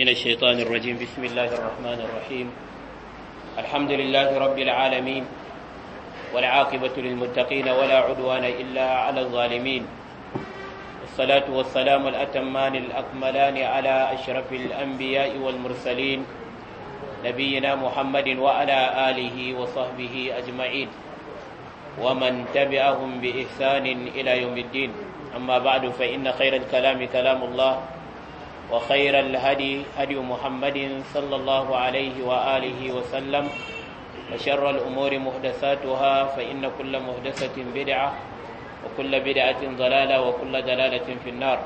من الشيطان الرجيم بسم الله الرحمن الرحيم الحمد لله رب العالمين والعاقبة للمتقين ولا عدوان إلا على الظالمين الصلاة والسلام الأتمان الأكملان على أشرف الأنبياء والمرسلين نبينا محمد وعلى آله وصحبه أجمعين ومن تبعهم بإحسان إلى يوم الدين أما بعد فإن خير الكلام كلام الله وخير الهدي هدي محمد صلى الله عليه وآله وسلم وشر الأمور محدثاتها فإن كل محدثة بدعة وكل بدعة ضلالة وكل ضلالة في النار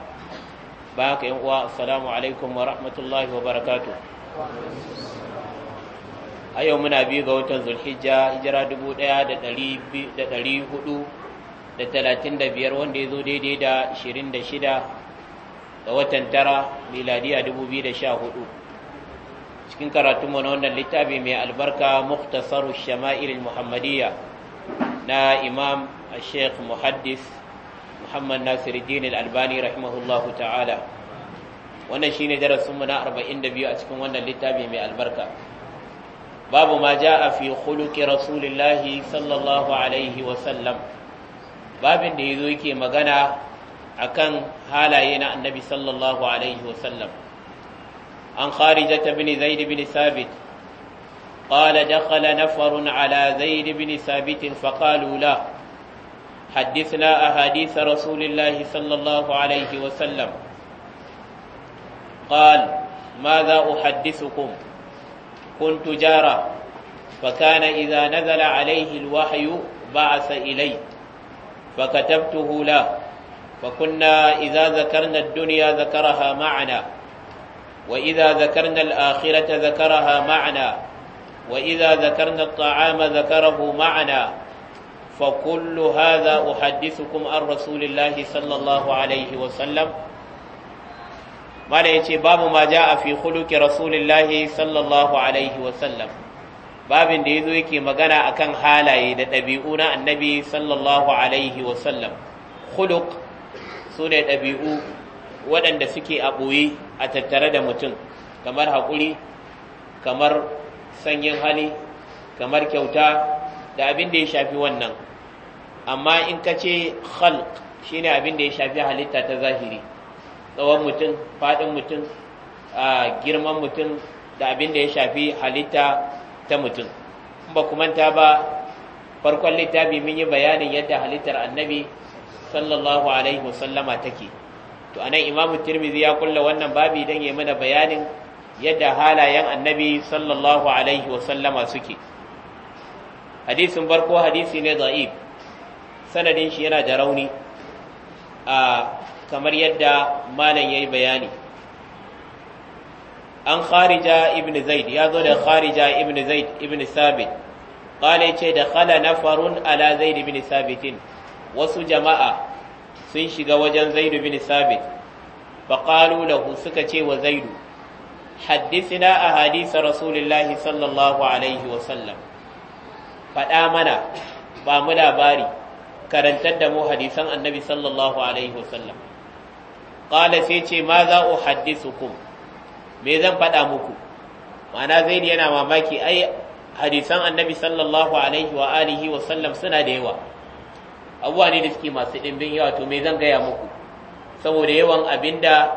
باقي والسلام عليكم ورحمة الله وبركاته a yau muna biyu ga watan zulhijja hijira 1435 wanda ya zo daidai da shida. ga watan tara miladiya 2014 cikin karatunmu na wannan littafi mai albarka muktasaru shama'il muhammadiyya na imam sheikh muhaddis muhammad nasiruddin albani rahimahullahu ta'ala wannan shine darasinmu na 42 a cikin wannan littafi mai albarka babu ma a fi khuluqi rasulillahi sallallahu alaihi wa sallam babin da yazo yake magana akan halaye na annabi sallallahu alaihi wasallam an kharijata bin zaid bin sabit قال دخل نفر على زيد بن ثابت فقالوا له حدثنا أحاديث رسول الله صلى الله عليه وسلم قال ماذا أحدثكم كنت جارا فكان إذا نزل عليه الوحي بعث إلي فكتبته له وكنا إذا ذكرنا الدنيا ذكرها معنا وإذا ذكرنا الآخرة ذكرها معنا وإذا ذكرنا الطعام ذكره معنا فكل هذا أحدثكم عن رسول الله صلى الله عليه وسلم ما يتي باب ما جاء في خلق رسول الله صلى الله عليه وسلم babin da ya zo yake magana akan halaye da ɗabi'u na annabi sallallahu alaihi wasallam khuluq su ne ɗabi'u waɗanda suke a ɓoye a tattare da mutum kamar haƙuri kamar sanyin hali kamar kyauta da abin da ya shafi wannan amma in ka ce khalq shine abin da ya shafi halitta ta zahiri tsawon mutum faɗin mutum girman mutum da abin da ya shafi halitta ta mutum ba kuma ta ba farkon littafi mun yi bayanin yadda halittar annabi sallallahu alaihi wasallama take to anan imamu tirmidhi ya kulla wannan babi dan ya mana bayanin yadda halayen annabi sallallahu alaihi wasallama suke hadisin barko hadisi ne da'if sanadin shi yana da rauni a kamar yadda malam yayi bayani an kharija ibn zaid ya zo da kharija ibn zaid ibn sabit qala yace da khala nafarun ala zaid sabitin wasu jama'a sun shiga wajen zaidu bin sabit faƙalu lahu suka ce wa zaidu haddisina a hadisa rasulullahi sallallahu alaihi wasallam faɗa mana ba mu labari karantar da mu hadisan annabi sallallahu alaihi wasallam ƙala sai ce ma za u haddisukum me zan faɗa muku Mana zaidu yana mamaki ai hadisan annabi sallallahu alaihi wa alihi wasallam suna da yawa abuwa ne da suke masu ɗimbin yawa to me zan gaya muku saboda yawan abin da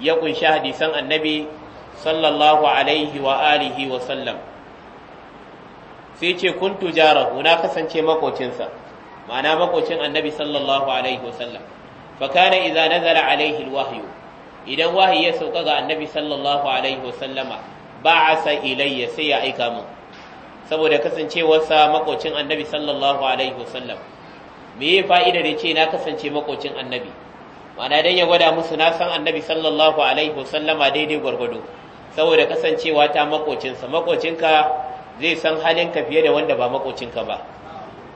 ya kunshi hadisan annabi sallallahu alaihi wa alihi wa sallam sai ce kun tujara na kasance makocinsa ma'ana makocin annabi sallallahu alaihi wa sallam fa kana idza nazala alaihi alwahyu idan wahayi ya sauka ga annabi sallallahu alaihi wa sallama ba'asa ilayya sai ya aika min. saboda kasancewarsa makocin annabi sallallahu alaihi wa sallam me ya fa'idar ya ce na kasance makocin annabi ma'ana dan ya gwada musu na san annabi sallallahu alaihi wasallama daidai gwargwado saboda kasancewa ta makocinsa makocinka zai san halinka fiye da wanda ba makocinka ba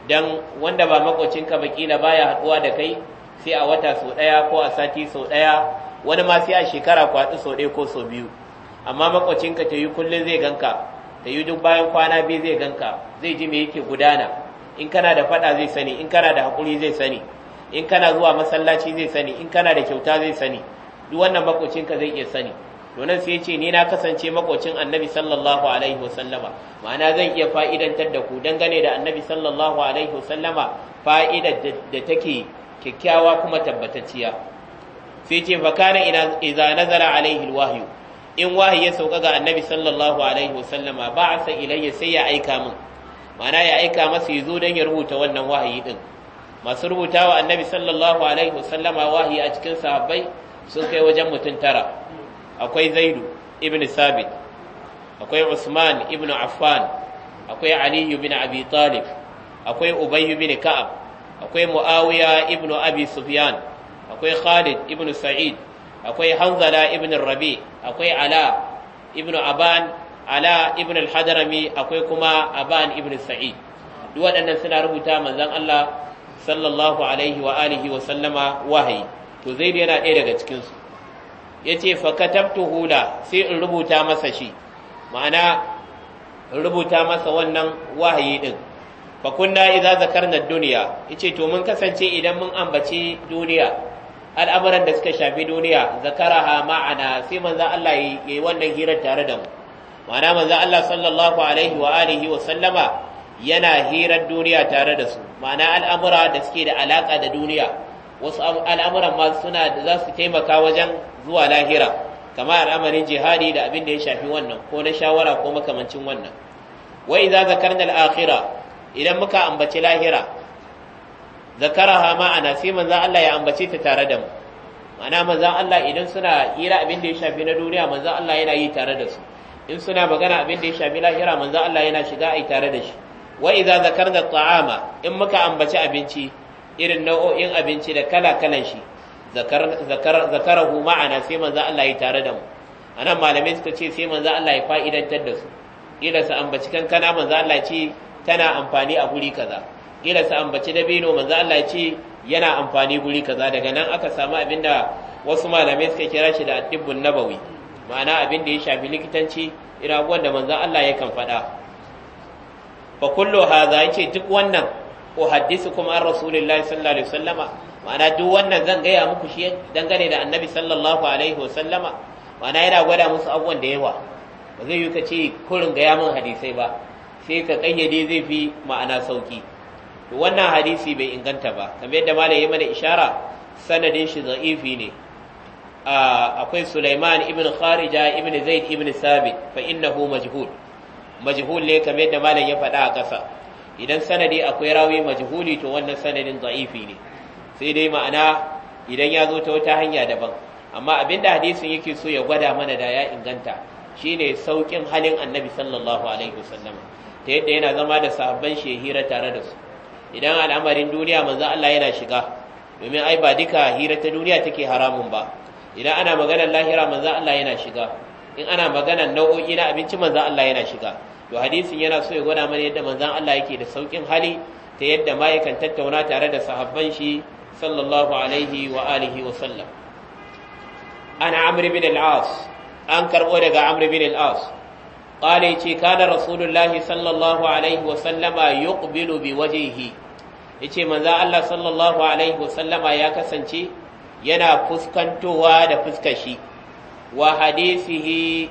dan wanda ba makocinka ba kila baya haɗuwa da kai sai a wata sau ɗaya ko a sati sau ɗaya, wani ma sai a shekara kwaɗi sau ɗaya ko sau biyu amma makocinka ta yi kullum zai ganka ta yi duk bayan kwana biyu zai ganka zai ji me yake gudana in kana da fada zai sani in kana da hakuri zai sani in kana zuwa masallaci zai sani in kana da kyauta zai sani duk wannan makocinka zai iya sani donan sai ce ni na kasance makocin annabi sallallahu alaihi wasallama ma'ana zan iya fa'idantar da ku dangane da annabi sallallahu alaihi wasallama fa'ida da take kyakkyawa kuma tabbatacciya sai ce fa kana ina idza nazara alaihi alwahyu in wahayi ya sauka ga annabi sallallahu alaihi wasallama ba'asa ilayya sai ya aika min mana ya aika masa yi zo don ya rubuta wannan wahayi ɗin. masu rubuta wa annabi sallallahu alaihi wasallama wahayi a cikin sahabbai sun kai wajen mutum tara akwai zaidu ibn sabit akwai usman ibn affan akwai Aliyu ibn abi talib akwai ubay ibn ka'ab akwai muawiya ibn abi sufyan akwai khalid ibn sa'id akwai hanzala ibn rabi akwai ala ibn aban ala ibn al-hadrami akwai kuma aban ibn sa'id duk waɗannan suna rubuta manzon Allah sallallahu alaihi wa alihi wa sallama wahayi to zaid yana ɗaya daga cikin su yace fa katabtu hula sai in rubuta masa shi ma'ana in rubuta masa wannan wahayi din fa kunna idza zakarna dunya yace to mun kasance idan mun ambaci duniya al'amuran da suka shafi duniya zakaraha ma'ana sai manzon Allah yayi wannan hirar tare da mu ma'ana manzo Allah sallallahu alaihi wa alihi wa sallama yana hirar duniya tare da su ma'ana al'amura da suke da alaƙa da duniya wasu al'amuran ma suna da za su taimaka wajen zuwa lahira kamar al'amarin jihadi da abin da ya shafi wannan ko na shawara ko makamancin wannan wa idza zakarna al-akhirah idan muka ambaci lahira zakaraha ma'ana sai manzo Allah ya ambace ta tare da mu ma'ana manzo Allah idan suna hira abin da ya shafi na duniya manzo Allah yana yi tare da su in suna magana abin da ya shafi lahira manzo Allah yana shiga ai tare da shi wa idza zakarna ta'ama in muka ambaci abinci irin nau'o'in abinci da kala kalan shi zakar zakar zakarahu ma'ana sai manzo Allah ya tare da mu anan malamai suka ce sai manzo Allah ya fa'idantar da su ila su ambaci kankana manzo Allah ce tana amfani a guri kaza ila su ambaci dabino manzo Allah ce yana amfani guri kaza daga nan aka samu abinda wasu malamai suka kira shi da at nabawi ma'ana abin da ya shafi likitanci irin abuwan da manzan Allah ya kan faɗa ha za a ce duk wannan ko kuma an rasulillahi sallallahu alaihi wasallama ma'ana duk wannan zan gaya muku shi dangane da annabi sallallahu alaihi wasallama ma'ana yana gwada musu abuwan da yawa ba zai yi ka ce kurin gaya min hadisai ba sai ka kayyade zai fi ma'ana sauki wannan hadisi bai inganta ba kamar yadda malai ya mana ishara sanadin shi za'ifi ne akwai Sulaiman ibn Kharija ibn Zaid ibn Sabit fa innahu majhul majhul ne kamar yadda malam ya faɗa a ƙasa idan sanadi akwai rawi majhuli to wannan sanadin da'ifi ne sai dai ma'ana idan ya zo ta wata hanya daban amma abinda hadisin yake so ya gwada mana da ya inganta shine saukin halin annabi sallallahu alaihi wasallam ta yadda yana zama da sahabban shi hira tare da su idan al'amarin duniya manzo Allah yana shiga domin ai ba duka hira ta duniya take haramun ba idan ana maganar lahira manzan Allah yana shiga in ana maganar nau'o'i na abinci manzan Allah yana shiga to hadisin yana so ya gwada mana yadda manzan Allah yake da saukin hali ta yadda ma tattauna tare da sahabban shi sallallahu alaihi wa alihi wa sallam ana bin an karbo daga Amri bin al qala yace kana rasulullahi sallallahu alaihi wa sallama yuqbilu bi wajhihi yace manzan Allah sallallahu alaihi wa sallama ya kasance yana fuskantowa da fuskar shi wa hadisihi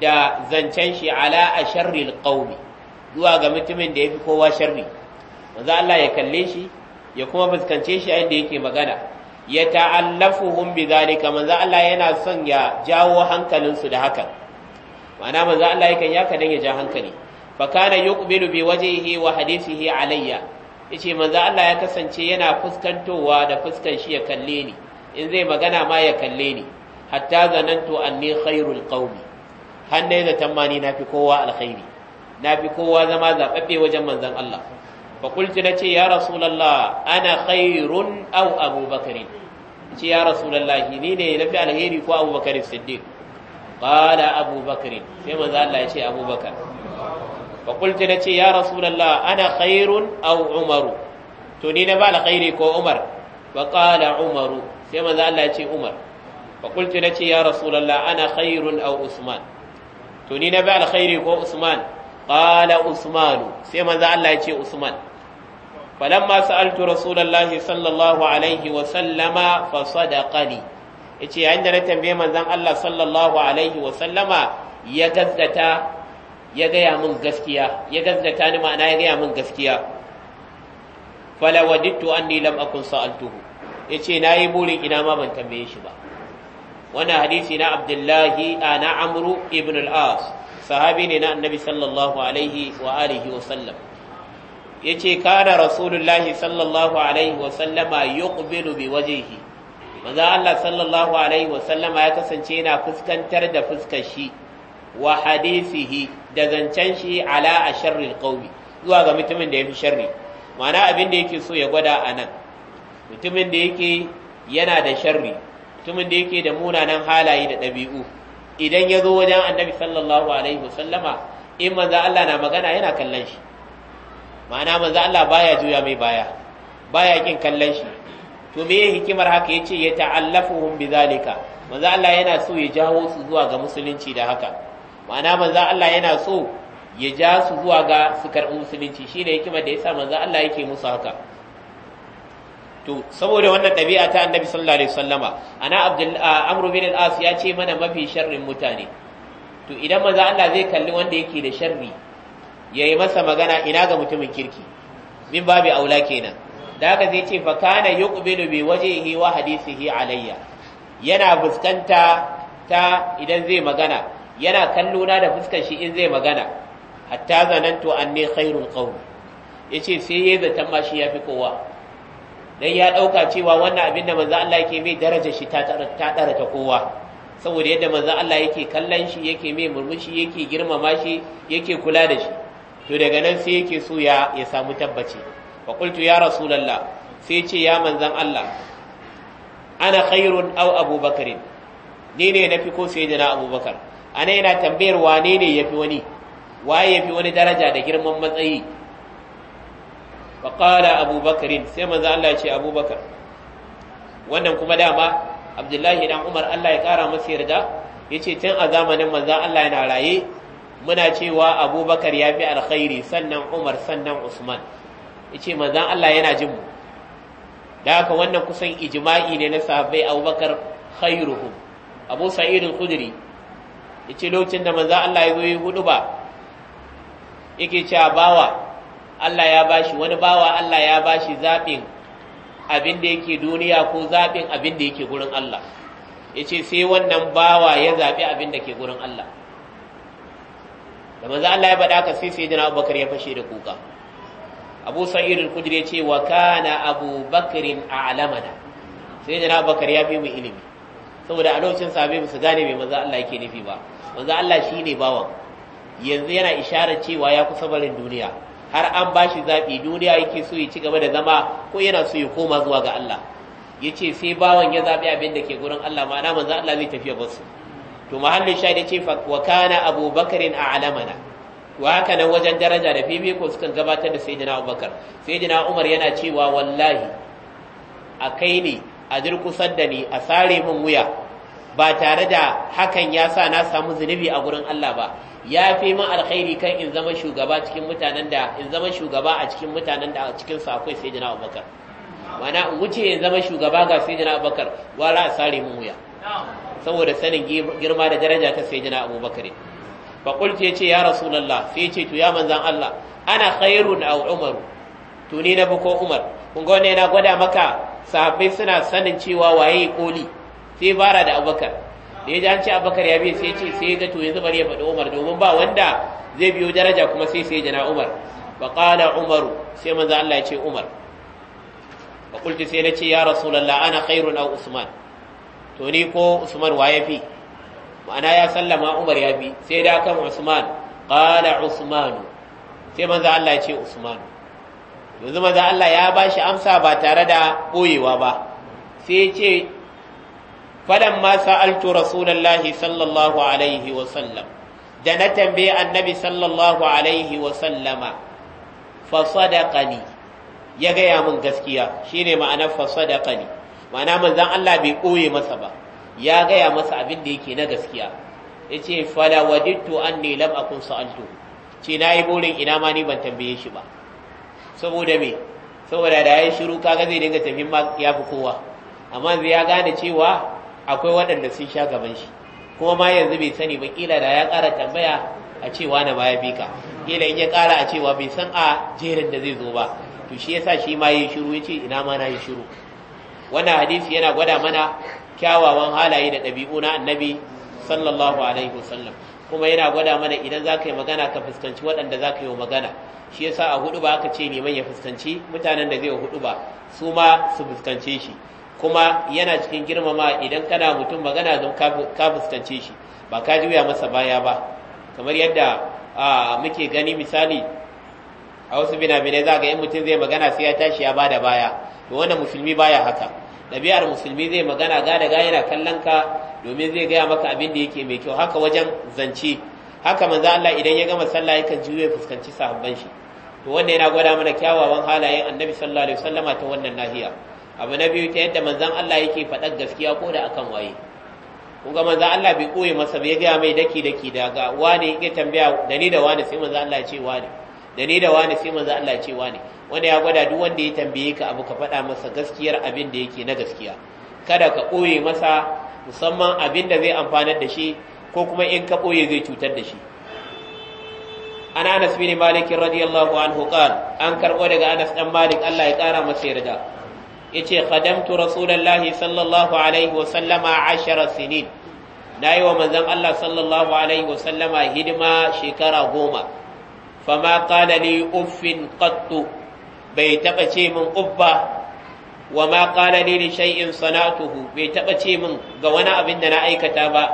da zancen shi ala a sharril ƙauni. zuwa ga mutumin da yafi kowa sharri manzo Allah ya kalle shi ya kuma fuskance shi a inda yake magana ya ta'allafuhum zalika manzo Allah yana son ya jawo hankalin su da haka ma'ana manzo Allah yakan ya kadan ya ja hankali fa kana yuqbilu bi wajhihi wa hadisihi alayya yace manzo Allah ya kasance yana fuskantowa da fuskan shi ya kalle ni in zai magana ma ya kalle ni hatta zanantu anni khairul qaumi har dai zaton ma na fi kowa alkhairi na fi kowa zama zaɓaɓɓe wajen manzon Allah fa qultu nace ya rasulullah ana khairun aw abubakar ce ya rasulullah ni ne na fi alheri ko abubakar siddiq qala abubakar sai manzon Allah ya ce abubakar fa qultu nace ya rasulullah ana khairun aw umaru to ni na ba alkhairi ko umar fa qala umaru sai manzo Allah ya ce Umar fa qultu nace ya rasulullah ana khairun aw usman to ni na bi alkhairi ko usman qala usman sai manzo Allah ya ce usman falamma sa'altu rasulullahi sallallahu alaihi wa sallama fa sadaqani yace yayin da na tambaye manzon Allah sallallahu alaihi wa sallama ya gaskata ya gaya min gaskiya ya gaskata ni ma'ana ya gaya min gaskiya fala wadittu anni lam akun sa'altuhu ya ce na yi burin ina ma ban tambaye shi ba wannan hadisi na abdullahi a na amru ibn al'as sahabi ne na annabi sallallahu alaihi wa alihi wa sallam ya ce kana rasulullahi sallallahu alaihi wa sallama yuqbilu bi wajehi. maza Allah sallallahu alaihi wa sallama ya kasance yana fuskantar da fuskar shi wa hadisihi da zancen shi ala a sharri qaumi zuwa ga mutumin da ya fi sharri ma'ana abin da yake so ya gwada a nan mutumin da yake yana da sharri mutumin da yake da munanan halaye da ɗabi'u idan ya zo wajen annabi sallallahu alaihi wasallama in manzo Allah na magana yana kallon shi ma'ana manzo Allah baya juya mai baya baya kin kallon shi to me hikimar haka yace ya ta'allafuhum bizalika manzo Allah yana so ya jawo su zuwa ga musulunci da haka ma'ana manzo Allah yana so ya ja su zuwa ga su karɓi musulunci shine hikimar da yasa manzo Allah yake musu haka to saboda wannan ɗabi'a ta annabi sallallahu alaihi wasallama ana amru bin al-as ya ce mana mafi sharrin mutane to idan manzo Allah zai kalli wanda yake da sharri yayi masa magana ina ga mutumin kirki min babi aula kenan da haka zai ce fa kana yuqbilu bi wajhihi wa hadisihi alayya yana fuskanta ta idan zai magana yana kallona da fuskar shi in zai magana hatta zanantu anni khairul qawm yace sai yayi zaton ma shi yafi kowa dan ya dauka cewa wannan abin da manzo Allah yake mai daraja shi ta ta dara ta kowa saboda yadda manzo Allah yake kallon shi yake mai murmushi yake girmama shi yake kula da shi to daga nan sai yake so ya ya samu tabbaci fa qultu ya rasulullah sai ce ya manzon Allah ana khairun aw abubakar ni ne nafi ko sayyidina abubakar ana yana tambayar wane ne yafi wani waye yafi wani daraja da girman matsayi fa qala abubakarin sai manzo Allah ya ce abubakar wannan kuma dama abdullahi dan umar Allah ya kara masa yarda yace tun a zamanin manzo Allah yana raye muna cewa abubakar ya fi alkhairi sannan umar sannan usman yace manzo Allah yana jin mu da haka wannan kusan ijma'i ne na sahabbai abubakar khairuhum abu sa'id al-khudri yace lokacin da manzo Allah ya zo ya hudu ba yake cewa bawa Allah ya bashi wani bawa Allah ya bashi zaɓin abin da yake duniya ko zaɓin abin da yake gurin Allah ya ce sai wannan bawa ya zaɓi abin da ke gurin Allah da maza Allah ya baɗa ka sai sai jina abubakar ya fashe da kuka abu sa'irin al ya ce wa kana abubakarin a'lamana sai jina abubakar ya fi mu ilimi saboda a lokacin sahabbai su gane mai maza Allah yake nufi ba maza Allah shi ne bawan yanzu yana isharar cewa ya kusa barin duniya har an ba shi zaɓi duniya yake so ya ci gaba da zama ko yana so ya koma zuwa ga Allah ya ce sai bawan ya zaɓi abin da ke gurin Allah ma'ana manzan Allah zai tafiya basu to mahallin sha da ce wa kana abubakarin a alamana to haka nan wajen daraja da ko sukan gabatar da sayyidina abubakar sayyidina umar yana cewa wallahi a kai ne a durkusar da ni a sare min wuya ba tare da hakan ya sa na samu zunubi a gurin Allah ba ya fi ma alkhairi kan in zama shugaba cikin mutanen da in zama shugaba a cikin mutanen da a cikin sa akwai sayyidina Abubakar mana in wuce in zama shugaba ga sayyidina Abubakar wala a sare mu wuya saboda sanin girma da daraja ta sayyidina Abubakar fa qultu yace ya rasulullah sai yace to ya manzan Allah ana khairun aw umar to ni na ko umar kun ga wannan yana gwada maka sahabbai suna sanin cewa waye koli sai fara da Abubakar da ya ji an ce abubakar ya biya sai ce sai ga to yanzu bari ya faɗi umar domin ba wanda zai biyo daraja kuma sai sai jana umar ba qala Umaru, sai manzo Allah ya ce umar ba kulti sai na ce ya rasulullah ana khairun au usman to ni ko usman wa fi, ma'ana ya sallama umar ya bi sai da kan usman qala usman sai manzo Allah ya ce usman yanzu manzo Allah ya ba shi amsa ba tare da boyewa ba sai ya ce ma sa'altu rasulullahi sallallahu alaihi wa sallam da na tambaye annabi sallallahu alaihi wa sallama fa sadaqani ya gaya mun gaskiya shine ma'anar fa sadaqani ma'ana manzan Allah bai koye masa ba ya gaya masa abin da yake na gaskiya yace fala wadittu anni lam akun sa'altu ce nayi burin ina ma ni ban tambaye shi ba saboda me saboda da yayi shiru kaga zai dinga tafin ma ya fi kowa amma zai ya gane cewa akwai waɗanda sun sha gaban shi kuma ma yanzu bai sani ba kila da ya ƙara tambaya a cewa na baya bika kila in ya ƙara a cewa bai san a jerin da zai zo ba to shi yasa shi ma yi shiru ya ce ina ma na yi shiru wannan hadisi yana gwada mana kyawawan halaye da ɗabi'u na annabi sallallahu alaihi wasallam kuma yana gwada mana idan za ka yi magana ka fuskanci waɗanda za ka yi magana shi yasa a hudu ba aka ce neman ya fuskanci mutanen da zai hudu ba su ma su fuskance shi kuma yana cikin girmama idan kana mutum magana don ka fuskance shi ba ka juya masa baya ba kamar yadda muke gani misali a wasu binabinai za ga in mutum zai magana sai ya tashi ya bada baya to wannan musulmi baya haka ɗabi'ar musulmi zai magana ga da ga yana kallon ka domin zai gaya maka abin da yake mai kyau haka wajen zance haka manzo Allah idan ya gama sallah yakan juya fuskanci sahabban shi to wanda yana gwada mana kyawawan halayen annabi sallallahu alaihi wasallama ta wannan nahiya abu na biyu ta yadda manzan Allah yake faɗar gaskiya ko da akan waye Kuma manzan Allah bai koye masa bai gaya mai daki daki daga wani yake tambaya da ni da wani sai manzan Allah ya ce wani da da wani sai manzan Allah ya ce wani. wanda ya gwada duk wanda ya tambaye ka abu ka faɗa masa gaskiyar abin da yake na gaskiya kada ka koye masa musamman abin da zai amfanar da shi ko kuma in ka koye zai cutar da shi an anas bin malik radiyallahu anhu an karbo daga anas dan malik Allah ya kara masa yarda ce, khadamtu rasulullahi sallallahu alaihi wa sallama 10 sinin nayi wa manzon Allah sallallahu alaihi wa sallama hidima shekara goma fama qala li uffin qattu bai taba ce min ubba wa ma qala li shay'in sanatuhu bai taba ce min ga wani abin da na aikata ba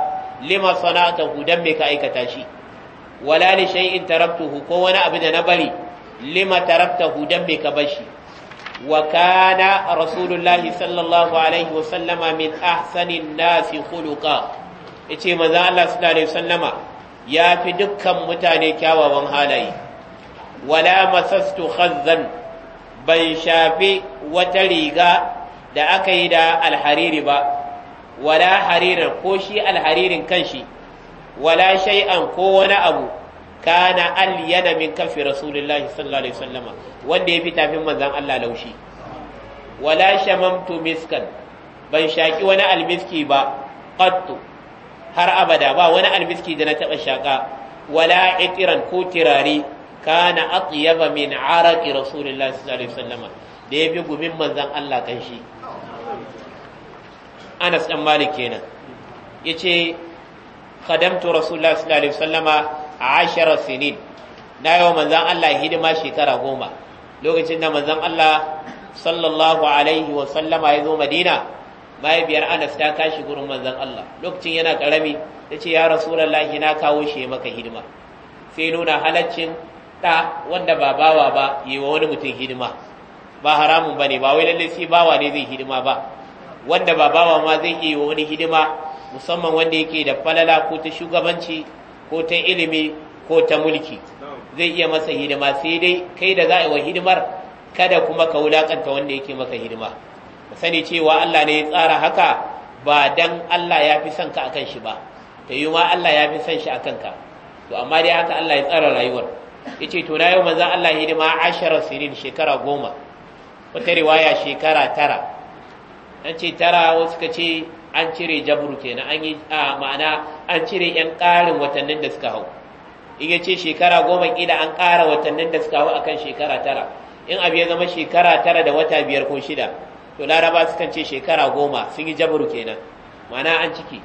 lima sanatahu dan me ka aikata shi wala li shay'in taraktuhu ko wani abu da na bari lima taraktahu dan me ka bar shi wa kana sallallahu alaihi wa sallama min ahsanin nasi khuluqa yace manzo Allah sallallahu alaihi sallama ya fi dukkan mutane kyawawan halaye wala masastu khazzan ban shafi wata riga da aka yi da alhariri ba wala harirar ko shi alharirin kan shi. wala shay'an ko wani abu kana alli min kafi rasulillahi sallallahu alaihi wasallama wanda ya fi tafin manzon Allah laushi wala shamamtu miskan ban shaƙi wani almiski ba qattu har abada ba wani almiski da na taba shaka wala itiran ko tirare kana atyaba min araqi rasulillahi sallallahu alaihi wasallama da ya bi gumin manzan Allah kan shi Anas ɗan Malik kenan yace khadamtu rasulullahi sallallahu alaihi wasallama ashara sinin na yau manzan Allah hidima shekara goma lokacin da manzan Allah sallallahu alaihi wa sallama ya zo madina mahaifiyar anas ta kashi gurin manzan Allah lokacin yana karami ta ce ya rasu rasulallahi na kawo shi ya maka hidima sai nuna halaccin ɗa wanda ba bawa ba yi wa wani mutum hidima ba haramun ba ne ba wai lallai sai bawa ne zai hidima ba wanda ba bawa ma zai iya wa wani hidima musamman wanda yake da falala ko ta shugabanci ko ta ilimi ko ta mulki zai iya masa hidima sai dai kai da za a yi wa hidimar kada kuma ka wulaƙanta wanda yake maka hidima ka sani cewa Allah ne ya tsara haka ba dan Allah ya fi son ka akan shi ba ta yi ma Allah ya fi son shi akan ka to amma dai haka Allah ya tsara rayuwar yace to na yau maza Allah hidima ashirar sinin shekara goma wata riwaya shekara tara an ce tara wasu ka ce an cire jabru kenan an yi ma'ana an cire yan ƙarin watannin da suka hau in ya ce shekara goma ƙida an ƙara watannin da suka hau a kan shekara tara in abu ya zama shekara tara da wata biyar ko shida to laraba sukan ce shekara goma sun yi jabru kenan ma'ana an ciki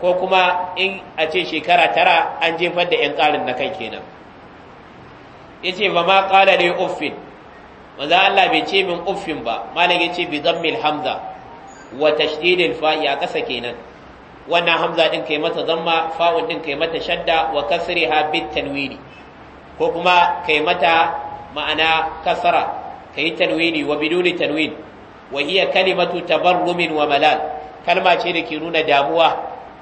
ko kuma in a ce shekara tara an jefar da yan ƙarin na kai kenan ya ce ba ma ƙala uffin maza Allah bai ce min uffin ba malam ya ce bi zammil hamza wa tashdidil fa a ƙasa kenan wannan hamza din kai mata zamma fa'un din kai mata shadda wa kasriha bit tanwini ko kuma kai mata ma'ana kasara kai tanwini wa biduni tanwin wa hiya kalimatu tabarrumin wa malal kalma ce da ke nuna damuwa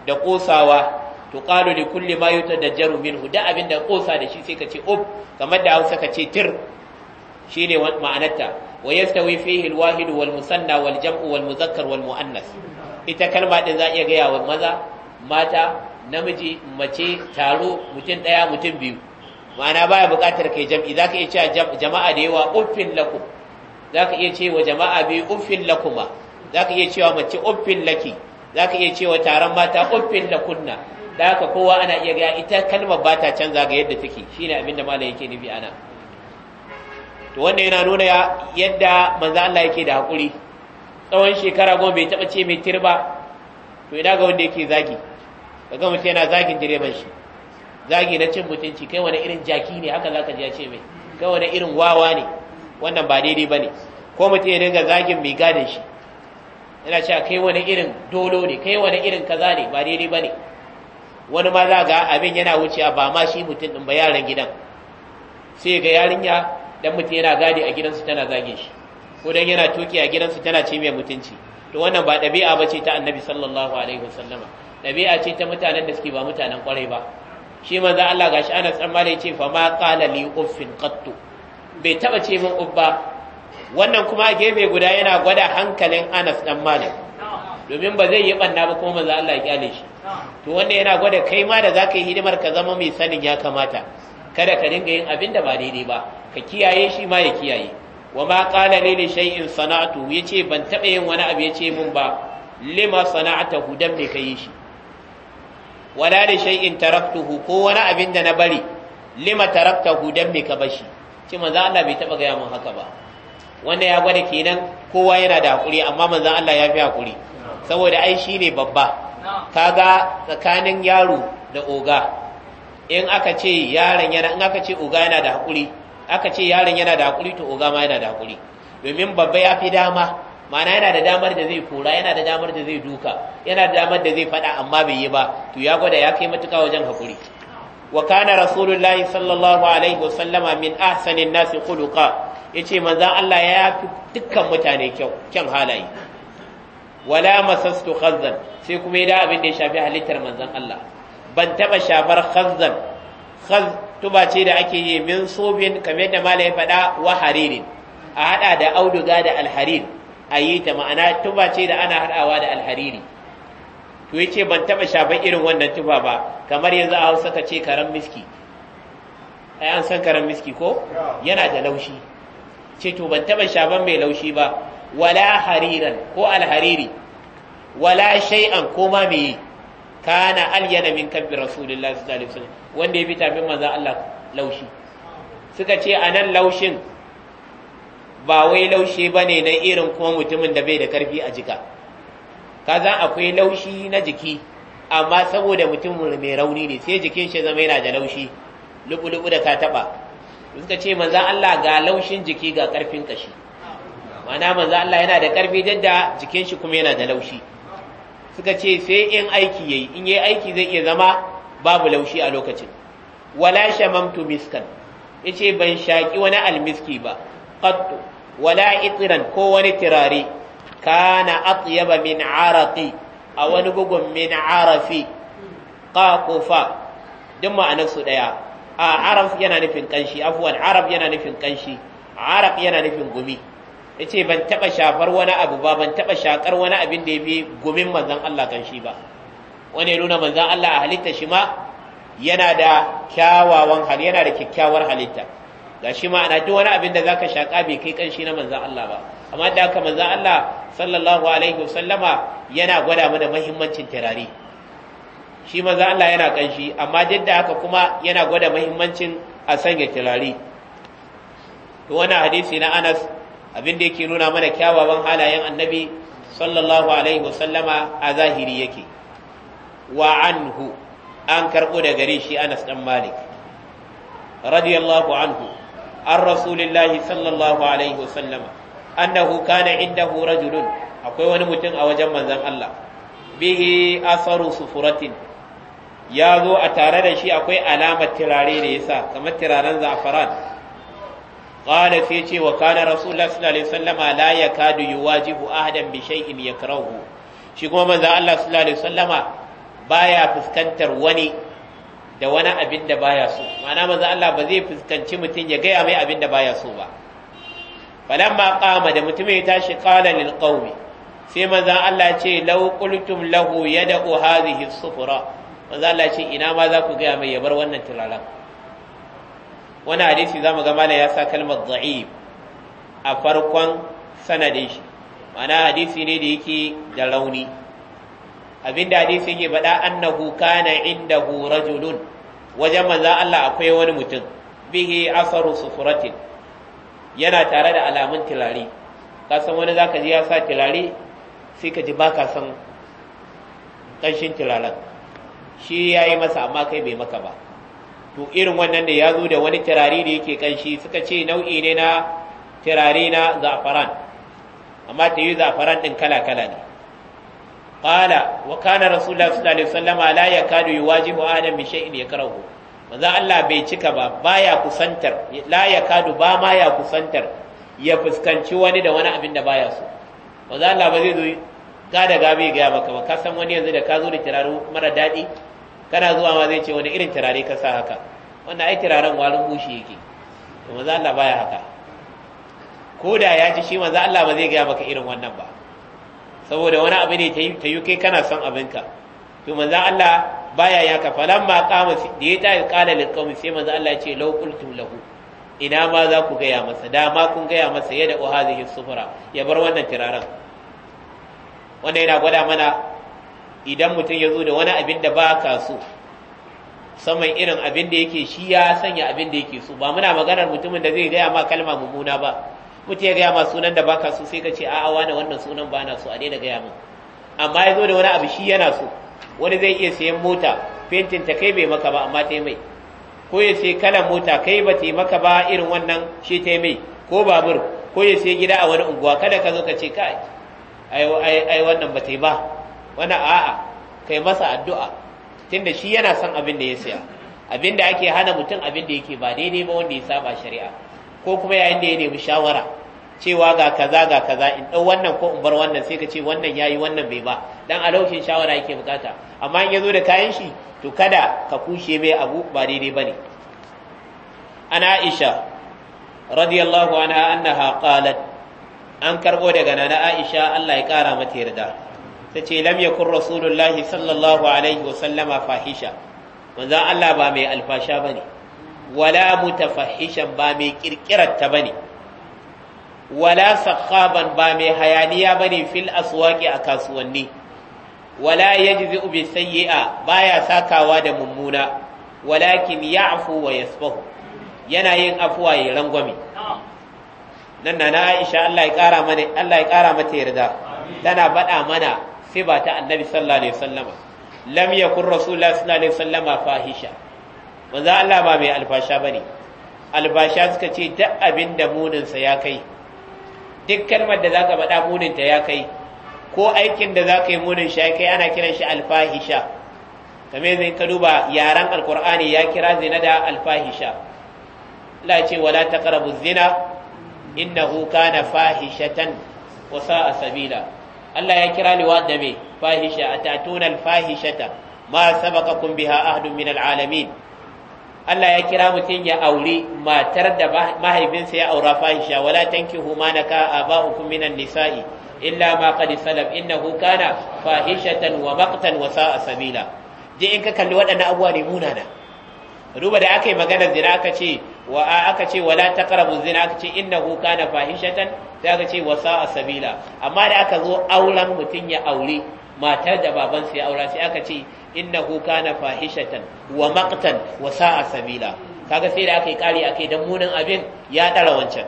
da kosawa tuqalu li kulli ma yutadajjaru minhu da abinda kosa da shi sai ka ce ub kamar da Hausa ka ce tir Shi ne ma'anarta wa yastawi fihi alwahid wal musanna wal jam'u wal muzakkar wal muannas ita kalma din za iya gaya wa maza mata namiji mace taro mutum daya mutum biyu ma'ana baya buƙatar kai jam'i zaka iya cewa jama'a da yawa uffin lakum zaka iya cewa jama'a bi uffin lakuma zaka iya cewa mace uffin laki zaka iya cewa taron mata uffin lakunna da haka kowa ana iya gaya ita kalmar ba ta canza ga yadda take shine abinda da malam yake nufi ana to wannan yana nuna yadda manzo Allah yake da hakuri tsawon shekara goma bai taba ce mai tirba to idan ga wanda yake zagi kaga mutum yana zagin direban shi zagi na cin mutunci kai wani irin jaki ne haka zaka ji ya ce mai kai wani irin wawa ne wannan ba daidai bane ko mutum ya dinga zagin mai gadin shi yana cewa kai wani irin dolo ne kai wani irin kaza ne ba daidai bane wani ma za ga abin yana wucewa ba ma shi mutum din ba yaran gidan sai ga yarinya dan mutum yana gadi a gidansu tana zage shi ko dan yana tuki a gidansu tana ce mai mutunci to wannan ba dabi'a ba ce ta annabi sallallahu alaihi wasallama ɗabi'a ce ta mutanen da suke ba mutanen kwarai ba shi manzo Allah gashi ana tsammani ce fa ma qala li uffin qattu bai taba ce min ubba wannan kuma a gefe guda yana gwada hankalin Anas dan Malik domin ba zai yi banna ba kuma manzo Allah ya kyale shi to wanda yana gwada kai ma da zaka yi hidimar ka zama mai sanin ya kamata kada ka dinga yin abin da ba daidai ba ka kiyaye shi ma ya kiyaye wa ma qala li li shay'in sana'tu yace ban taba yin wani abu yace mun ba lima sana'atahu dan me kai shi wala li shay'in taraktuhu ko wani abin da na bari lima taraktahu dan me ka bashi ce manzo Allah bai taɓa gaya mun haka ba wanda ya gwada kenan kowa yana da hakuri amma manzo Allah ya fi hakuri saboda ai shi ne babba kaga tsakanin yaro da oga in aka ce yaron yana in aka ce oga yana da haƙuri aka ce yaron yana da hakuri to oga ma yana da haƙuri domin babba ya fi dama mana yana da damar da zai kora yana da damar da zai duka yana da damar da zai faɗa amma bai yi ba to ya gwada ya kai matuƙa wajen hakuri wa kana rasulullahi sallallahu alaihi wasallama min ahsanin nasi khuluqa yace manzon Allah ya fi dukkan mutane kyau kyan halaye wala masastu khazzan sai kuma ya da abin da ya shafi halittar manzon Allah ban taɓa shafar khazzan tuba ce da ake yi min sobin kamar da mala ya faɗa wa haririn a haɗa da auduga da alharir a yi ta ma'ana tuba ce da ana haɗawa da alhariri to ya ce ban taɓa shafar irin wannan tuba ba kamar yanzu a hausa ka ce karan miski ai an san karan miski ko yana da laushi ce to ban taɓa shafar mai laushi ba wala hariran ko alhariri wala shay'an ko ma me yi kana alyana min kabbi rasulillahi sallallahu alaihi wasallam wanda ya bi tafin manzo Allah laushi suka ce anan laushin ba wai laushi bane na irin kuma mutumin da bai da karfi a jika kaza akwai laushi na jiki amma saboda mutum mai rauni ne sai jikin shi zama yana da laushi lubulubu da ka taba suka ce manzo Allah ga laushin jiki ga karfin kashi mana manzo Allah yana da karfi jadda jikin shi kuma yana da laushi suka ce sai in aiki yayi in yayi aiki zai iya zama babu laushi a lokacin wala shamamtu miskan yace ban shaki wani almiski ba qattu wala itran ko wani tirare kana atyaba min araqi a wani bugun min arafi qaqufa duk ma'anar su daya a araf yana nufin kanshi afwan arab yana nufin kanshi arab yana nufin gumi ya ce ban taɓa shafar wani abu ba ban taɓa shakar wani abin da ya fi gumin manzan Allah kan shi ba wani nuna manzan Allah a halitta shi ma yana da kyawawan hali yana da kyakkyawar halitta ga shi ma ana duk wani abin da za ka shaka bai kai kanshi na manzan Allah ba amma da haka manzan Allah sallallahu alaihi wasallama yana gwada mana mahimmancin turare shi manzan Allah yana kanshi amma duk da haka kuma yana gwada mahimmancin a sanya turare wannan hadisi na Anas abin da yake nuna mana kyawawan halayen annabi sallallahu alaihi wasallama a zahiri yake wa anhu an karɓo da gare shi anas dan malik radiyallahu anhu an rasulillahi sallallahu alaihi wasallama annahu kana indahu rajulun akwai wani mutum a wajen manzon Allah bihi asaru sufuratin ya zo a tare da shi akwai alamar tirare da yasa kamar tiraren za'afaran qala sai ce wa kana rasulullah sallallahu alaihi wasallama la yakadu yuwajibu ahadan bi shay'in yakrahu shi kuma manzo Allah sallallahu alaihi wasallama baya fuskantar wani da wani abin da baya so ma'ana manzo Allah ba zai fuskanci mutum ya gaya mai abin da baya so ba falamma qama da mutum ya tashi qala lil sai manzo Allah ce law qultum lahu yad'u hadhihi sufra manzo Allah ce ina ma za ku gaya mai ya bar wannan tulalan wani hadisi za mu gama malam ya sa kalmar za'ib a farkon sanadin shi Mana hadisi ne da yake da rauni abinda hadisi yake bada annahu kana indahu rajulun wajen manzon Allah akwai wani mutum bihi asaru sufuratin yana tare da alamun tilari ka san wani zaka ji ya sa tilari sai ka ji baka san kashin tilaran shi yayi masa amma kai bai maka ba to irin wannan da ya zo da wani turare da yake kanshi suka ce nau'i ne na turare na za'afaran amma ta yi za'afaran ɗin kala-kala ne ƙala wa kana rasulullah sallallahu alaihi wasallama la yakadu yuwajibu adam bi shay'in yakrahu manzo Allah bai cika ba baya kusantar la yakadu ba ma ya kusantar ya fuskanci wani da wani abin da baya so manzo Allah ba zai zo ga da gabe ga maka ba ka san wani yanzu da ka zo da kiraro mara daɗi kana zuwa ma zai ce wani irin turare ka sa haka wannan ai turaren warin bushi yake to manzo Allah baya haka ko da ya ji shi manzo Allah ba zai gaya maka irin wannan ba saboda wani abu ne ta yi kai kana son abinka to manzo Allah baya ya ka ma kama da ya ta kala liqawmi sai manzo Allah ya ce law qultum lahu ina ma za ku gaya masa dama kun gaya masa yadda o hadhihi sufura ya bar wannan turaren. wannan yana gwada mana idan mutum ya zo da wani abin da ba ka so saman irin abin da yake shi ya sanya abin da yake so ba muna maganar mutumin da zai gaya ma kalma mummuna ba mutum ya gaya ma sunan da ba ka so sai ka ce a'a wani wannan sunan ba na so a daina gaya min amma ya zo da wani abu shi yana so wani zai iya sayan mota fentin ta kai bai maka ba amma ta mai ko ya sai kalan mota kai ba ta maka ba irin wannan shi ta mai ko babur ko ya sai gida a wani unguwa kada ka zo ka ce kai ai wannan ba ta yi ba wani a'a kai masa addu'a tunda shi yana son abin da ya siya abin da ake hana mutum abin da yake ba daidai ba wanda ya saba shari'a ko kuma yayin da ya nemi shawara cewa ga kaza ga kaza in ɗau wannan ko in bar wannan sai ka ce wannan yayi wannan bai ba dan a lokacin shawara yake bukata amma in ya zo da kayan shi to kada ka kushe mai abu ba daidai bane ana aisha radiyallahu anha annaha qalat an karbo daga nana aisha Allah ya kara mata yarda ta ce lam yakun rasulullahi sallallahu alaihi wa sallama fahisha manzon Allah ba mai alfasha ne. wala mutafahishan ba mai kirkirar ta bane wala sakhaban ba mai hayaniya bane fil aswaqi a kasuwanni wala yajzi bi sayyi'a baya sakawa da mummuna walakin ya'fu wa yasfahu yana yin afuwa ya rangwame nan na Aisha Allah ya kara mana Allah ya kara mata yarda tana faɗa mana Sai ba ta annabi sallallahu alaihi wasallama lam yakun rasulullah sallallahu alaihi wasallama fahisha manzo Allah ba mai alfasha bane albasha suka ce duk abin da munin sa ya kai duk kalmar da zaka faɗa munin ta ya kai ko aikin da zaka yi munin shi ya kai ana kiran shi alfahisha kamar zai ka duba yaran alqur'ani ya kira zina da alfahisha Allah ya ce wala taqrabu zina innahu kana fahishatan wa sa'a sabila Allah ya kira liwat da me fahisha atatuna fahishata ma sabaqakum biha ahadun min alalamin Allah ya kira mutum ya auri matar da mahaifinsa ya aura fahisha wala tankihu ma naka aba'ukum minan nisa'i illa ma qad salaf innahu kana fahishatan wa maqtan wa sa'a sabila je in ka kalli waɗannan abubuwa ne munana duba da aka yi magana zina aka ce wa aka ce wala taqrabu zina aka ce innahu kana fahishatan sai aka ce wasa sabila amma da aka zo auren mutun ya aure matar da baban sai aura sai aka ce innahu kana fahishatan wa maqtan wasa sa'a sabila kaga sai da aka yi kari akai dan munin abin ya dara wancan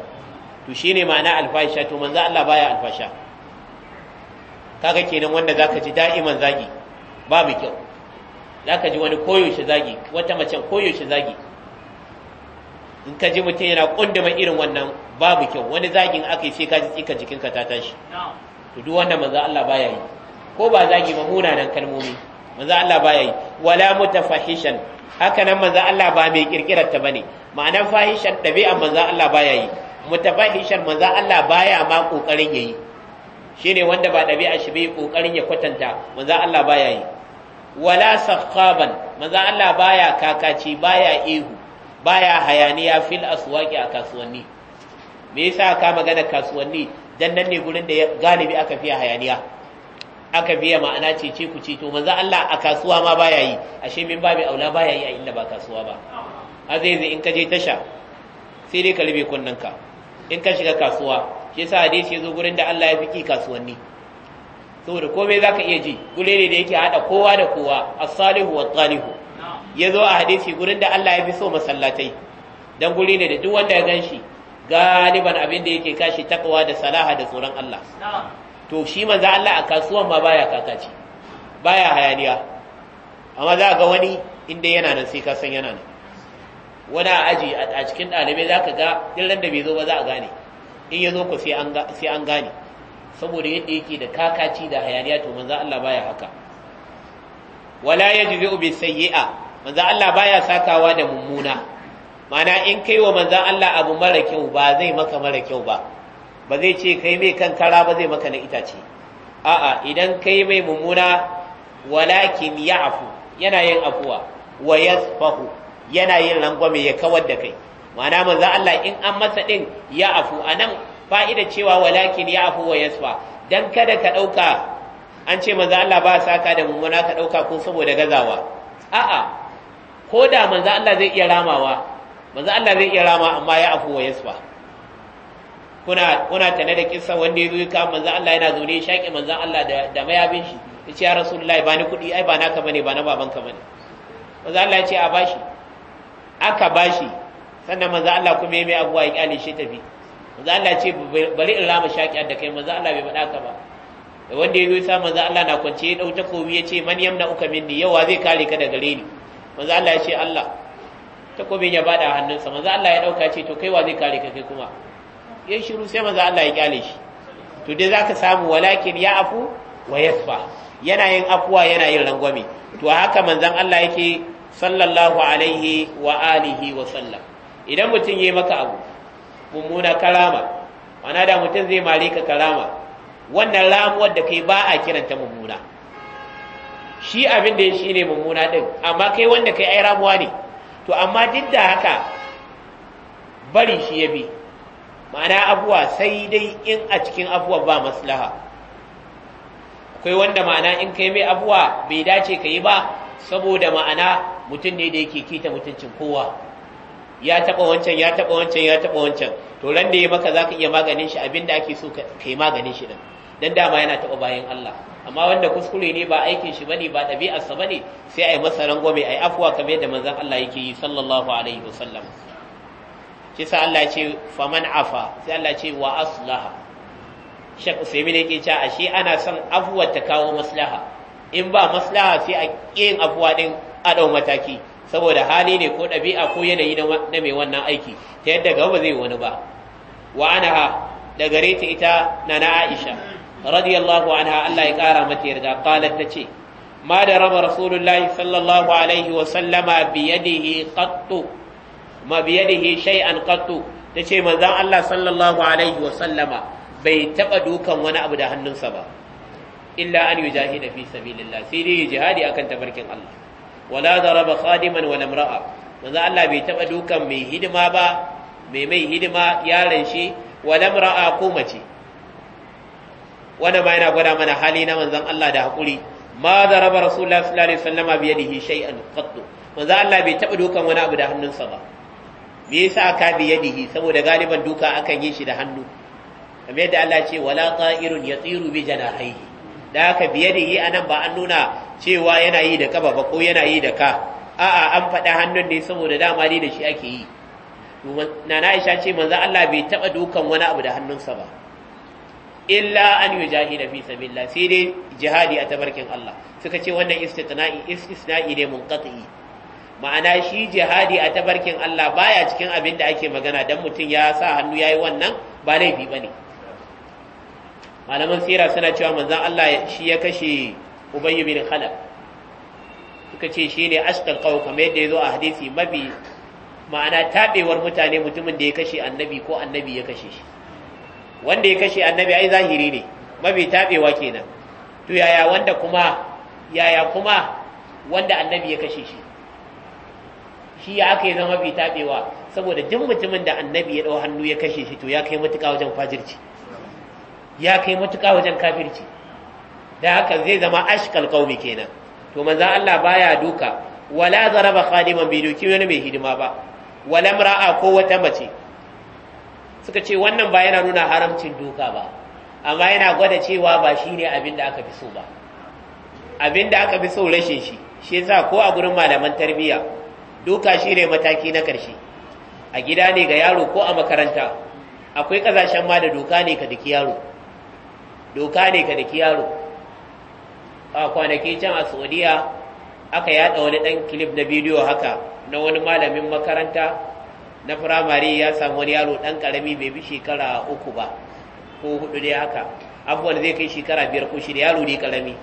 to shine ma'ana alfahisha to manzo Allah baya alfasha kaga kenan wanda zaka ji da'iman zagi babu kyau zaka ji wani koyo shi zagi wata mace koyo shi zagi in ka ji mutum yana kunduma irin wannan babu kyau wani zagin aka yi sai ka ji tsika jikinka ta tashi to duk wanda manzo Allah baya yi ko ba zagi ba munanan kalmomi manzo Allah baya yi wala mutafahishan haka nan manzo Allah ba mai kirkirar ta bane ma'anar fahishan dabi'a manzo Allah baya yi mutafahishan manzo Allah baya ma kokarin yayi shine wanda ba dabi'a shi bai kokarin ya kwatanta manzo Allah baya yi wala sakhaban manzo Allah baya kakaci baya ihu baya hayaniya fil aswaqi a kasuwanni me yasa ka magana kasuwanni dan nan ne gurin da galibi aka fiya hayaniya aka biya ma'ana ce ce ku ce to manzo Allah a kasuwa ma baya yi ashe min ba mai aula baya yi a inda ba kasuwa ba azai in ka je tasha sai dai ka rube ka in ka shiga kasuwa shi yasa hadisi yazo gurin da Allah ya fiki kasuwanni saboda komai zaka iya ji gure ne da yake hada kowa da kowa as-salihu wat-talihu ya zo a hadisi gurin da Allah ya fi so masallatai dan guri ne da duk wanda ya ganshi galiban abin da yake kashi takwa da salaha da tsoron Allah to shi manzo Allah a kasuwan ma baya kakaci baya hayaniya amma za ga wani inda yana nan sai ka san yana nan wani aji a cikin ɗalibai za ka ga ɗin da bai zo ba za a gane in ya zo ku sai an gane saboda yadda yake da kakaci da hayaniya to maza Allah baya haka wala ya jibe ube manzo Allah baya sakawa da mummuna mana in kai wa manzo Allah abu mara kyau ba zai maka mara kyau ba ba zai ce kai mai kara ba zai maka na itace a'a idan kai mai mummuna walakin ya'fu yana yin afuwa wa yasfahu yana yin rangwame ya kawar da kai mana manzo Allah in an masa din ya'fu anan fa'ida cewa walakin ya'fu wa yasfa dan kada ka dauka an ce manzo Allah ba saka da mummuna ka dauka ko saboda gazawa a'a ko da manzo Allah zai iya ramawa manzo Allah zai iya rama amma ya afu wa yasfa kuna kuna tana da kissa wanda yazo ya kama manzo Allah yana zaune shaki manzo Allah da da mayabin shi yace ya rasulullahi ba ni kudi ai ba naka bane ba na babanka bane manzo Allah ya ce a bashi aka bashi sannan manzo Allah kuma ya mai abuwa ya kyale shi tafi manzo Allah ce bari in rama shaki da kai manzo Allah bai faɗa ka ba da wanda yazo ya sa manzo Allah na kwance ya dauta takobi ya ce man yamna uka minni yawa zai kare ka daga gare ni manzo Allah ya ce Allah takobin ya bada hannunsa manzo Allah ya ɗauka ce to kai wa zai kare ka kai kuma ya shiru sai manzo Allah ya kyale shi to dai zaka samu walakin ya afu wa yafa. yana yin afuwa yana yin rangwame to haka manzon Allah yake sallallahu alaihi wa alihi wa sallam idan mutum yi maka abu mummuna karama ana da mutum zai mare ka karama wannan ramuwar da kai ba a kiranta mummuna shi abin da ya shi ne mummuna ɗin amma kai wanda kai ai ramuwa ne to amma duk da haka bari shi ya bi ma'ana abuwa sai dai in a cikin abuwa ba maslaha akwai wanda ma'ana in kai mai abuwa bai dace ka yi ba saboda ma'ana mutum ne da yake kita mutuncin kowa ya taɓa wancan ya taɓa wancan ya taɓa wancan to ran da ya maka za ka iya maganin shi abin da ake so ka yi maganin shi ɗin dan dama yana taɓa bayan Allah amma wanda kuskure ne ba aikin shi bane ba ɗabi'arsa bane sai a yi masa rangwame a yi afuwa kamar yadda manzon Allah yake yi sallallahu alaihi wasallam shi sa Allah ce faman afa sai Allah ce wa aslaha shek usaimi ne yake cewa ashe ana son afuwa ta kawo maslaha in ba maslaha sai a ƙin afuwa din a dau mataki saboda hali ne ko ɗabi'a ko yanayi na mai wannan aiki ta yadda gaba zai wani ba wa anaha da gare ta ita na na aisha radiyallahu anha Allah ya kara mata yarda qalat tace ma da raba rasulullahi sallallahu alaihi wa sallama bi yadihi qattu ma bi yadihi shay'an qattu tace manzon Allah sallallahu alaihi wa sallama bai taba dukan wani abu da hannunsa ba illa an yujahida fi sabilillah sai dai jihadi akan tabarkin Allah wala daraba khadiman wala imra'a manzo Allah bai taba dukan mai hidima ba mai mai hidima yaran shi wala imra'a ko mace wannan ma yana gwada mana hali na manzon Allah da hakuri ma raba rasulullah sallallahu alaihi wasallam bi yadihi shay'an qattu manzon Allah bai taba dukan wani abu da hannunsa ba me yasa ka bi yadihi saboda galiban duka akan yi shi da hannu kamar yadda Allah ce wala ta'irun yatiru bi janahihi da aka bi yadihi anan ba an nuna cewa yana yi da kaba ba ko yana yi da ka a'a an faɗa hannun ne saboda dama ne da shi ake yi nana Aisha ce manzo Allah bai taba dukan wani abu da hannunsa ba illa an yujahida fi billa sai dai jihadi a tabarkin Allah suka ce wannan istitna'i istisna'i ne munqati ma'ana shi jihadi a tabarkin Allah baya cikin abin da ake magana dan mutum ya sa hannu yayi wannan ba laifi bane malaman sira suna cewa manzon Allah shi ya kashe Ubay bin Khalaf suka ce shine ashqal qaw kamar yadda yazo a hadisi mabi ma'ana tabewar mutane mutumin da ya kashe annabi ko annabi ya kashe shi wanda ya kashe annabi ai zahiri ne mafi tabewa kenan to yaya wanda kuma yaya kuma wanda annabi ya kashe shi shi ya aka yi zama mafi tabewa saboda duk mutumin da annabi ya dau hannu ya kashe shi to ya kai matuƙa wajen fajirci ya kai matuƙa wajen kafirci da haka zai zama ashkal qaumi kenan to manzo Allah baya duka wala zaraba khadiman bi duki wani mai hidima ba wala mura'a ko wata mace suka ce wannan ba yana nuna haramcin doka ba amma yana gwada cewa ba shi ne abin da aka fi so ba abin da aka fi so rashin shi shi yasa ko a gurin malaman tarbiyya doka shi ne mataki na ƙarshe a gida ne ga yaro ko a makaranta akwai ƙazashen ma da doka ne ka daki yaro doka ne ka daki yaro a kwanaki can a saudiya aka yada wani ɗan kilif na bidiyo haka na wani malamin makaranta na firamare ya samu wani yaro ɗan ƙarami bai bi shekara uku ba ko hudu dai haka abubuwan zai kai shekara biyar ko shida yaro ne ƙarami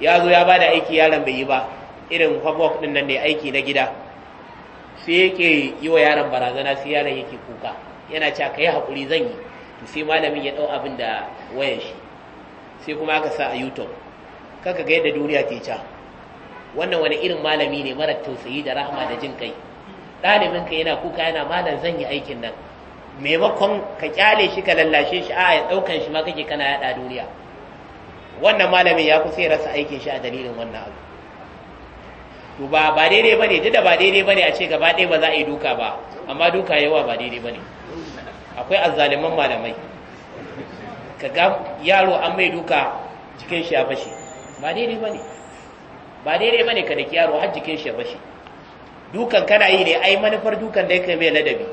ya zo ya ba da aiki yaron bai yi ba irin homework ɗin nan ne aiki na gida sai yake yi wa yaron barazana sai yaron yake kuka yana cewa yi haƙuri zan yi to sai malamin ya ɗau abin da wayan shi sai kuma aka sa a youtube kaka ga yadda duniya ke ca wannan wani irin malami ne mara tausayi da rahama da jin kai ɗalibin ka yana kuka yana malam zan yi aikin nan maimakon ka kyale shi ka lallashe shi a ya ɗaukan shi ma kake kana yaɗa duniya wannan malamin ya kusa ya rasa aikin shi a dalilin wannan abu to ba ba daidai bane duk da ba daidai bane a ce gaba ɗaya ba za a yi duka ba amma duka yawa ba daidai bane akwai azzaliman malamai ka ga yaro an mai duka jikin shi ya fashe ba daidai bane ba daidai bane ka daki yaro har jikin shi ya fashe dukan kana yi ne ai manufar dukan da yake mai ladabi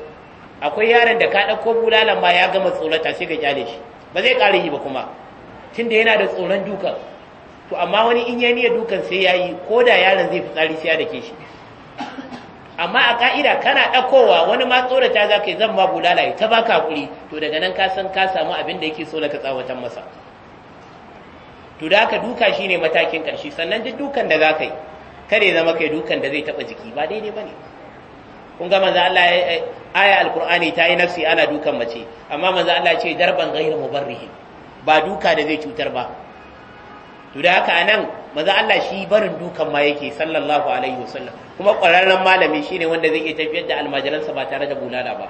akwai yaron da ka ɗauko bulalan ma ya gama tsorata sai ka kyale shi ba zai ƙara yi ba kuma tunda yana da tsoron dukan to amma wani in ya dukan sai yayi yi ko da yaron zai fi sai ya dake shi amma a ka'ida kana ɗakowa wani ma tsorata za ka yi zan ma bulala ta baka ka to daga nan ka san ka samu abin da yake so na ka tsawatan masa to da haka duka shine matakin ƙarshe sannan duk dukan da za ka yi kare zama kai dukan da zai taba jiki ba daidai bane kun ga manzo Allah eh, aya alqur'ani ta yi nafsi ana dukan mace amma manzo Allah ce darban ghayr mubarrih ba duka da zai cutar ba to da haka anan manzo Allah shi barin dukan ma yake sallallahu alaihi wasallam kuma ƙwararren malami shine wanda zai iya tafiyar da almajiransa ba tare da bulala ba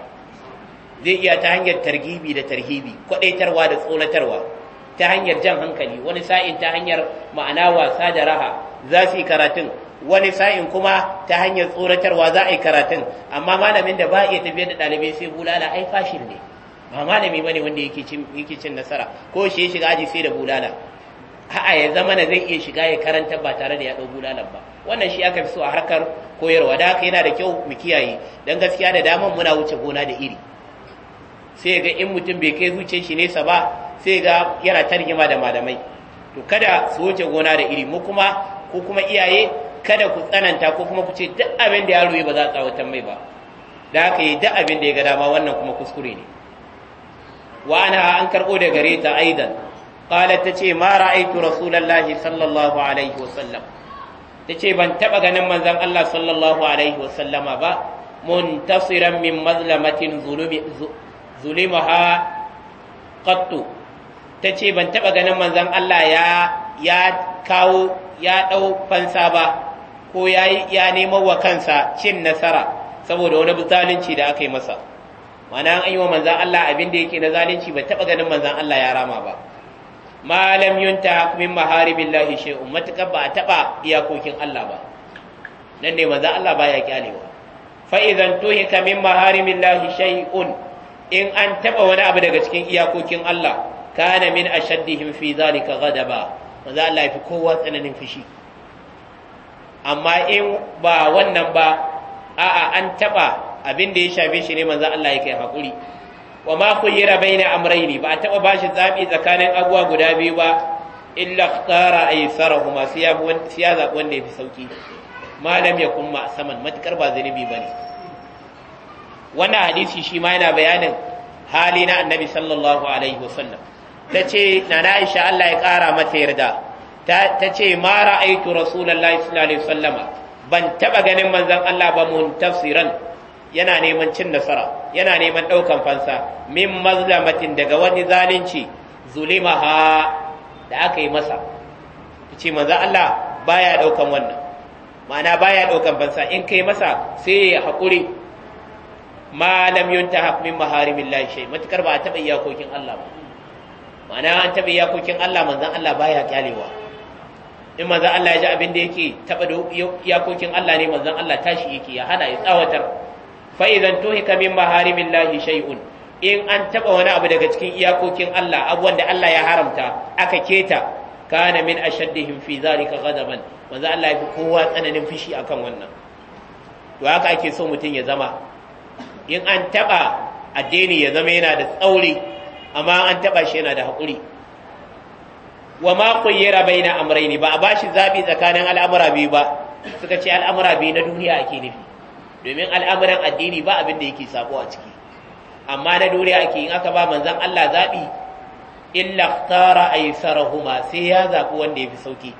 zai iya ta hanyar targibi da tarhibi kwadaitarwa da tsoratarwa ta hanyar jan hankali wani sa'in ta hanyar ma'ana wasa da raha za su yi karatun wani sa'in kuma ta hanyar tsoratarwa za a yi karatun amma malamin da ba iya tafiyar da ɗalibai sai bulala ai fashin ne ba malami ba ne wanda yake cin nasara ko shi ya shiga aji sai da bulala a'a ya zama na zai iya shiga ya karanta ba tare da ya ɗau bulalan ba wannan shi aka fi so a harkar koyarwa da haka yana da kyau mu kiyaye don gaskiya da daman muna wuce gona da iri sai ga in mutum bai kai zuciyar shi nesa ba sai ga yana ta rigima da malamai to kada su wuce gona da iri mu kuma ko kuma iyaye kada ku tsananta ko kuma ku ce duk abin da yaro ba za a tsawatar mai ba da haka yi duk abin da ya ga dama wannan kuma kuskure ne wa ana an karbo da gare ta aidan ta ce ma ra'aytu rasulullahi sallallahu alaihi wa sallam. Ta ce ban taba ganin manzon Allah sallallahu alaihi wa sallama ba muntasiran min mazlamatin zulumi zulimaha qattu ta ce ban taɓa ganin manzan Allah ya kawo ya ɗau fansa ba ko ya ya neman wa kansa cin nasara saboda wani zalunci da aka yi masa mana an yi wa manzan Allah abin da yake na zalunci ban taɓa ganin manzan Allah ya rama ba malam yunta min maharibillahi shay'un matakan ba a taɓa iyakokin Allah ba nan ne manzan Allah baya kyalewa fa idan ka min billahi shay'un in an taɓa wani abu daga cikin iyakokin Allah kana min ashaddihim fi zalika ghadaba ba, Allah ya fi kowa tsananin fushi amma in ba wannan ba a'a an taba abin da ya shafe shi ne manzo Allah ya kai hakuri wa ma khayyara baina amrayni ba taba bashi zabi tsakanin abuwa guda biyu ba illa ikhtara aysarahuma siya zabi wanda ya fi sauki malam ya kuma saman matukar ba ba bane wannan hadisi shi ma yana bayanin hali na annabi sallallahu alaihi wasallam ta ce na na'isha Allah ya ƙara mata yarda ta ce ma ra'aitu rasulullahi sallallahu alaihi wasallam ban taba ganin manzon Allah ba mun tafsiran yana neman cin nasara yana neman daukan fansa min mazlamatin daga wani zalunci zulimaha da aka yi masa Ta ce manzon Allah baya daukan wannan ma'ana baya daukan fansa in kai masa sai ya haƙuri ma lam yuntaha min maharimillahi shay matakar ba a taba iyakokin Allah ba ma'ana an taɓa iyakokin Allah manzan Allah baya ƙyalewa. in manzan Allah ya ji abin da yake taɓa da iyakokin Allah ne manzan Allah tashi yake ya hana ya tsawatar Fa'izan idan tuhika min maharimin lahi shay'un in an taɓa wani abu daga cikin iyakokin Allah abuwan da Allah ya haramta aka keta kana min ashaddihim fi zalika ghadaban manzo Allah ya fi kowa tsananin fishi akan wannan to haka ake so mutum ya zama in an taɓa addini ya zama yana da tsauri amma an taba shi yana da haƙuri wa ma kuyyira baina amrayni ba a bashi zabi tsakanin al'amura biyu ba suka ce al'amura biyu na duniya ake nufi domin al'amuran addini ba abin da yake sabo a ciki amma na duniya ake in aka ba manzon Allah zabi illa ikhtara aysarahuma sai ya zabi wanda yafi sauki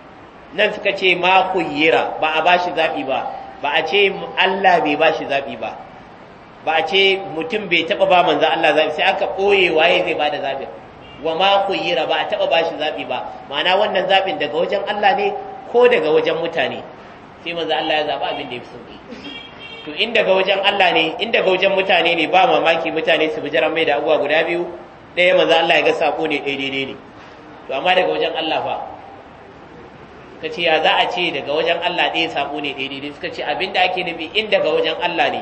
nan suka ce ma kuyyira ba a bashi zabi ba ba a ce Allah bai bashi zabi ba ba a ce mutum bai taba ba manzo Allah zabi sai aka boye waye zai bada zabi wa ma khuyira ba a ba bashi zabi ba ma'ana wannan zabin daga wajen Allah ne ko daga wajen mutane sai manzo Allah ya zaba abin da yafi sauki to in daga wajen Allah ne in daga wajen mutane ne ba mamaki mutane su bijiran mai da abuwa guda biyu ɗaya manzo Allah ya ga sako ne ɗaya daidai ne to amma daga wajen Allah fa ka ce ya za a ce daga wajen Allah ɗaya sako ne ɗaya daidai suka ce abin da ake nufi in daga wajen Allah ne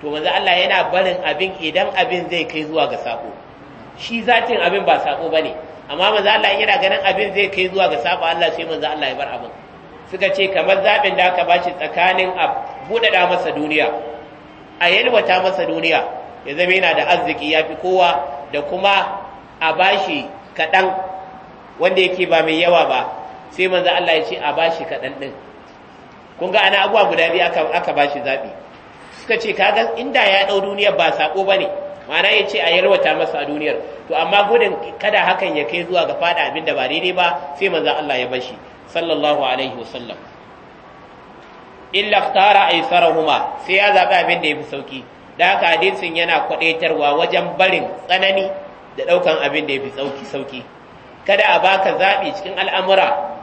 to manzo Allah yana barin abin idan abin zai kai zuwa ga sako shi zatin abin ba sako ne, amma manzo Allah yana ganin abin zai kai zuwa ga sako Allah sai manzo Allah ya bar abin suka ce kamar zaɓin da aka bashi tsakanin a buɗaɗa masa duniya a yalwata masa duniya ya zama yana da arziki ya fi kowa da kuma a bashi kaɗan wanda yake ba mai yawa ba sai manzo Allah ya ce a bashi kaɗan ɗin kun ga ana abuwa guda biyu aka bashi zaɓi suka ce kaga inda ya ɗau duniyar ba sako bane ma'ana ya ce a yalwata masa a duniyar to amma gudun kada hakan ya kai zuwa ga fada abin da ba daidai ba sai manzon Allah ya bashi sallallahu alaihi wasallam illa ikhtara sarahuma sai ya zabi abin da yafi sauki da haka hadisin yana kwadaitarwa wajen barin tsanani da daukan abin da yafi sauki sauki kada a baka zabi cikin al'amura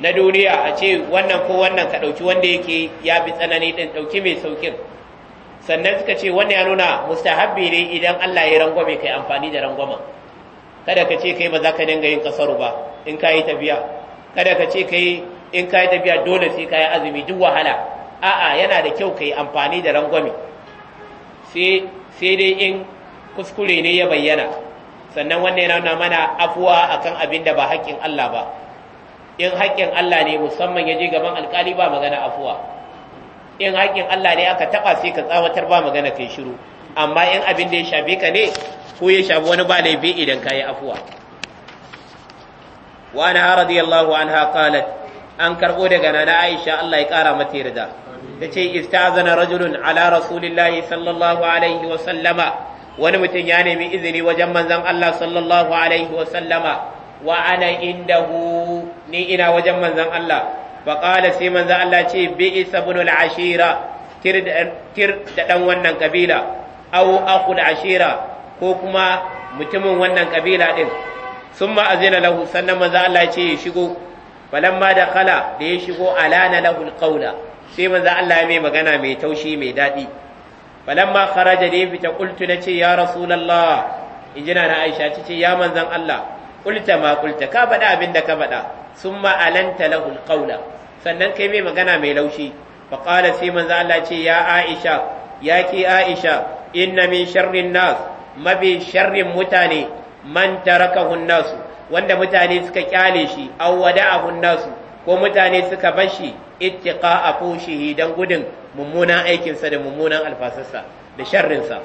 na duniya a ce wannan ko wannan ka ɗauki wanda yake ya bi tsanani ɗin ɗauki mai saukin sannan suka ce wannan ya nuna mustahabbi ne idan Allah ya rangwame kai amfani da rangwama. kada ka ce kai ba za ka dinga yin kasaru ba in ka yi tafiya kada ka ce kai in ka yi tafiya dole sai ka yi azumi duk wahala a'a yana da kyau ka amfani da rangwame sai dai in kuskure ne ya bayyana sannan wannan ya nuna mana afuwa akan abin da ba haƙƙin Allah ba in haƙƙin Allah ne musamman ya je gaban alƙali ba magana afuwa in haƙƙin Allah ne aka taɓa sai ka tsawatar ba magana kai shiru amma in abin da ya shafe ka ne ko ya shafi wani ba laifi idan ka yi afuwa wa anha radiyallahu anha qalat an karɓo daga nana Aisha Allah ya kara mata yarda tace istazana rajulun ala rasulillahi sallallahu alaihi wa sallama wani mutum ya nemi izini wajen manzon Allah sallallahu alaihi wa sallama wa ana indahu ni ina wajen manzon Allah fa sai manzo Allah ce bi isabun al-ashira tir da dan wannan kabila aw aqul ashira ko kuma mutumin wannan kabila din summa azina lahu sannan manzo Allah ce ya shigo falamma da kala da ya shigo alana lahu alqawla sai manzo Allah mai magana mai taushi mai dadi falamma kharaja da ya fita qultu ce ya rasulullah injina na Aisha ce ya manzon Allah qulta ma qulta ka faɗa abin da ka faɗa sun ma'alanta lahul sannan kai mai magana mai laushi fa qala sai manzo Allah ce ya Aisha ya ki Aisha inna min sharrin nas mabi sharrin mutane man tarakahu nas wanda mutane suka kyale shi aw wada'ahu nas ko mutane suka bar shi ittiqa'a fushihi dan gudun mummunan aikinsa da mummunan alfasarsa da sharrinsa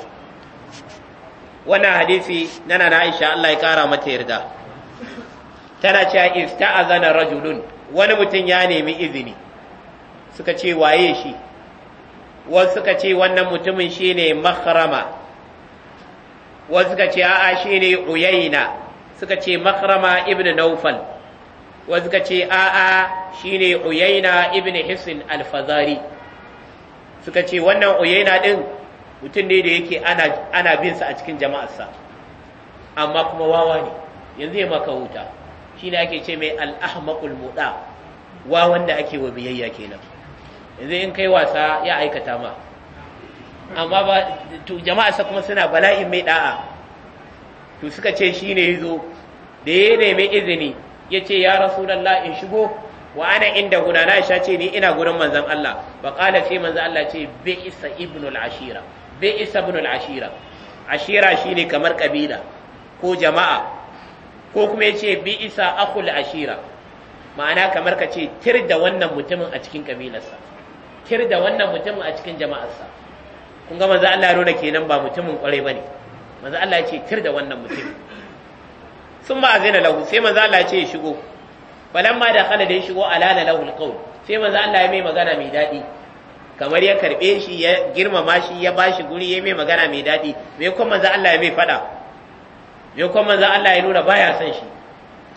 wannan hadisi nana na Aisha Allah ya kara mata yarda tana cewa ista'azana rajulun wani mutum ya nemi izini suka ce waye shi wasu suka ce wannan mutumin shine makrama wasu suka ce a'a shine uyaina suka ce makrama ibn naufal wasu suka ce a'a shine uyaina ibn al alfazari suka ce wannan uyaina din mutum ne da yake ana bin sa a cikin jama'arsa amma kuma wawa ne yanzu ya maka wuta shine ake ce mai al muɗa muda wa wanda ake wa biyayya kenan yanzu in kai wasa ya aikata ma amma ba to jama'a sa kuma suna bala'in mai da'a to suka ce shine zo. da ya ne izini. izini yace ya rasulullah in shigo wa ana inda guda na sha ce ni ina gurin manzon Allah ba qala sai manzon Allah ce ibn ibnul ashira ibn al ashira ashira shine kamar kabila ko jama'a ko kuma ya ce bi isa akul ashira ma'ana kamar ka ce kir da wannan mutumin a cikin kabilarsa kir da wannan mutumin a cikin jama'arsa kun ga manzo Allah nuna kenan ba mutumin kwarai bane manzo Allah ya ce kir da wannan mutumin sun ba azina lahu sai manzo Allah ya ce ya shigo falamma da khala da ya shigo alala lahu alqaul sai manzo Allah ya mai magana mai dadi kamar ya karbe shi ya girmama shi ya bashi guri ya mai magana mai dadi me kuma manzo Allah ya mai fada ya kuma Allah ya nuna baya son shi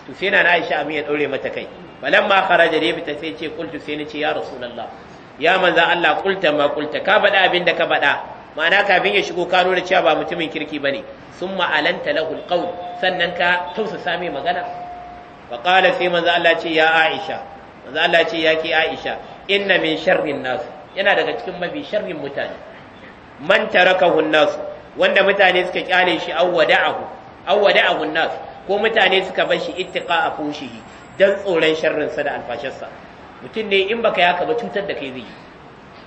to sai na Aisha abin ya daure mata kai Balan kharaja da ya sai ce qultu sai ni ce ya rasulullah ya manza Allah qulta ma qulta ka baɗa abin da ka baɗa? ma'ana kafin ya shigo ka nuna cewa ba mutumin kirki bane summa alanta lahu alqawl sannan ka tausasa mai magana fa qala sai manzon Allah ce ya Aisha manzon Allah ce ya ke Aisha inna min sharrin nas yana daga cikin mafi sharrin mutane man tarakahu nas wanda mutane suka kyale shi awwada'ahu awwada wada'ahu nas ko mutane suka bar shi ittiqa a fushihi dan tsoron sharrin sa da sa mutum ne in baka yaka ba cutar da kai zai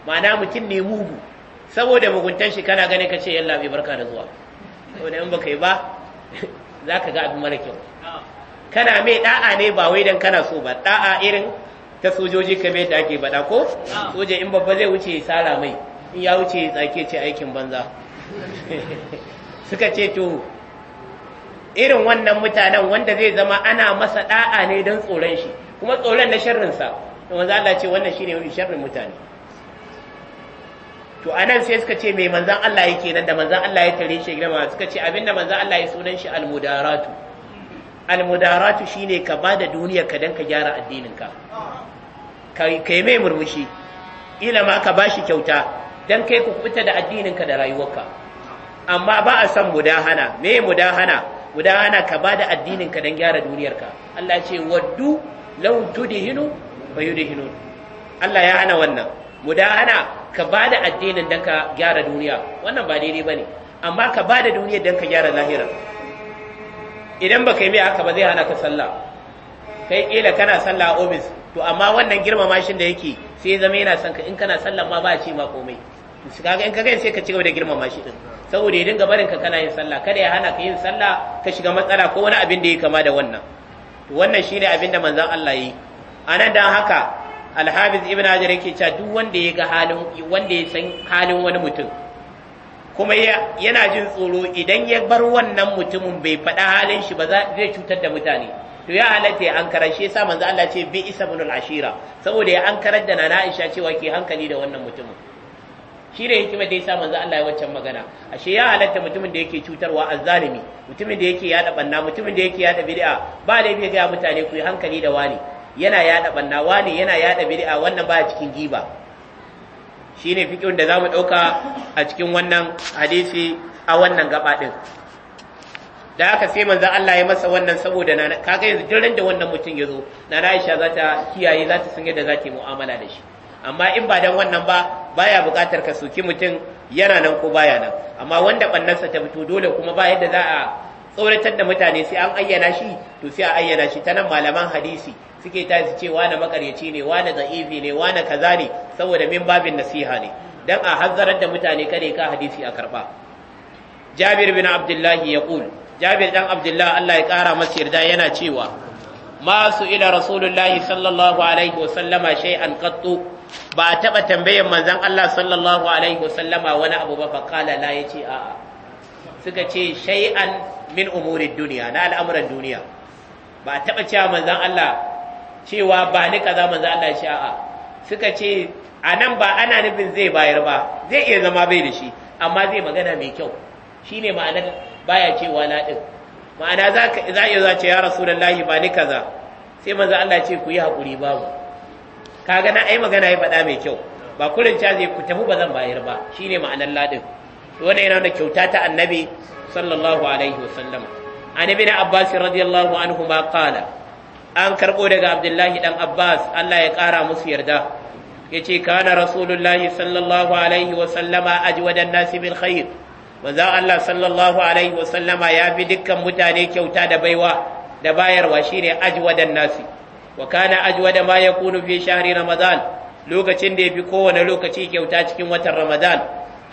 ma'ana mutum ne mugu saboda muguntan shi kana ganin kace yalla bai barka da zuwa saboda in baka yi ba zaka ga abin mara kyau kana mai da'a ne ba wai dan kana so ba da'a irin ta sojoji kamar da ake bada, ko soja in babba zai wuce ya sara mai in ya wuce ya tsake ce aikin banza suka ce to irin wannan mutanen wanda zai zama ana masa da'a ne don tsoron shi kuma tsoron na sharrinsa manzo Allah ce wannan ne wani sharrin mutane to a nan sai suka ce mai manzan Allah yake nan da manzan Allah ya tare shi girma suka ce da manzan Allah ya sunan shi almudaratu almudaratu ne ka bada duniya ka dan ka gyara addininka. ka kai mai murmushi ila ma ka shi kyauta dan kai ku fita da addininka da rayuwarka amma ba a san mudahana me mudahana gudana ka bada addinin ka dan gyara duniyarka Allah ce waddu law tudhinu fayudhinun Allah ya ana wannan Gudana ka bada addinin dan ka gyara duniya wannan ba daidai bane amma ka bada duniyar dan ka gyara lahira idan baka yi mai haka ba zai hana ka sallah kai kila kana sallah a office to amma wannan girmama shin da yake sai zama yana son ka in kana sallah ma ba ce ma komai su kaga in kaga sai ka ci gaba da girmama shi din saboda ya dinga barin ka kana yin sallah kada ya hana ka yin sallah ka shiga matsala ko wani abin da ya kama da wannan wannan shine abin da manzon Allah yi anan dan haka Al-Hafiz ibn hajar yake cewa duk wanda ya ga halin wanda ya san halin wani mutum kuma yana jin tsoro idan ya bar wannan mutumin bai faɗa halin shi ba zai cutar da mutane to ya halatta ya ankara shi yasa manzo Allah ce bi isa ashira saboda ya ankarar da nana Aisha cewa ke hankali da wannan mutumin ne hikima da sa manzo Allah ya wancan magana ashe ya halatta mutumin da yake cutarwa azzalimi mutumin da yake yada banna mutumin da yake yada bid'a ba da bai ga mutane ku yi hankali da wani yana yada banna wani yana yada bid'a wannan ba cikin giba shine fikin da zamu dauka a cikin wannan hadisi a wannan gaba din da aka sai manzo Allah ya masa wannan saboda na kaga yanzu duk da wannan mutum ya zo na Aisha za ta kiyaye za ta san yadda za ta yi mu'amala da shi amma in ba dan wannan ba baya buƙatar ka soki mutum yana nan ko baya nan amma wanda bannansa ta fito dole kuma ba yadda za a tsoratar da mutane sai an ayyana shi to sai a ayyana shi ta nan malaman hadisi suke ta su ce wani makaryaci ne wani za'ifi ne wani kaza ne saboda min babin nasiha ne dan a hanzarar da mutane kare ka hadisi a karba jabir bin abdullahi ya kul jabir dan abdullahi Allah ya kara masa yarda yana cewa ma su ila rasulullahi sallallahu alaihi wa sallama shay'an qattu ba a taɓa tambayan manzan Allah sallallahu alaihi wasallama wani abu ba fa kala la yace a'a suka ce shay'an min umurin duniya na al'amuran duniya ba a taɓa cewa manzan Allah cewa ba ni kaza manzan Allah shi a'a suka ce a nan ba ana nufin zai bayar ba zai iya zama bai da shi amma zai magana mai kyau shine ma'anar baya cewa na din ma'ana za ka iya za ce ya rasulullahi ba ni kaza sai manzan Allah ce ku yi haƙuri babu kaga na ai magana ya faɗa mai kyau ba kullun ca zai ku tafi ba zan bayar ba shine ma'anar ladin wannan yana da kyauta ta annabi sallallahu alaihi wa wasallam an na abbas radiyallahu anhu ma qala an karbo daga abdullahi dan abbas Allah ya kara musu yarda yace kana rasulullahi sallallahu alaihi wa sallama wasallama ajwadan nasi bil khair manzo Allah sallallahu alaihi wa sallama ya bi dukkan mutane kyauta da baiwa da bayarwa shine ajwadan nasi wa kana ajwada ma kunu fi shahri ramadan lokacin da ya yafi kowane lokaci kyauta cikin watan ramadan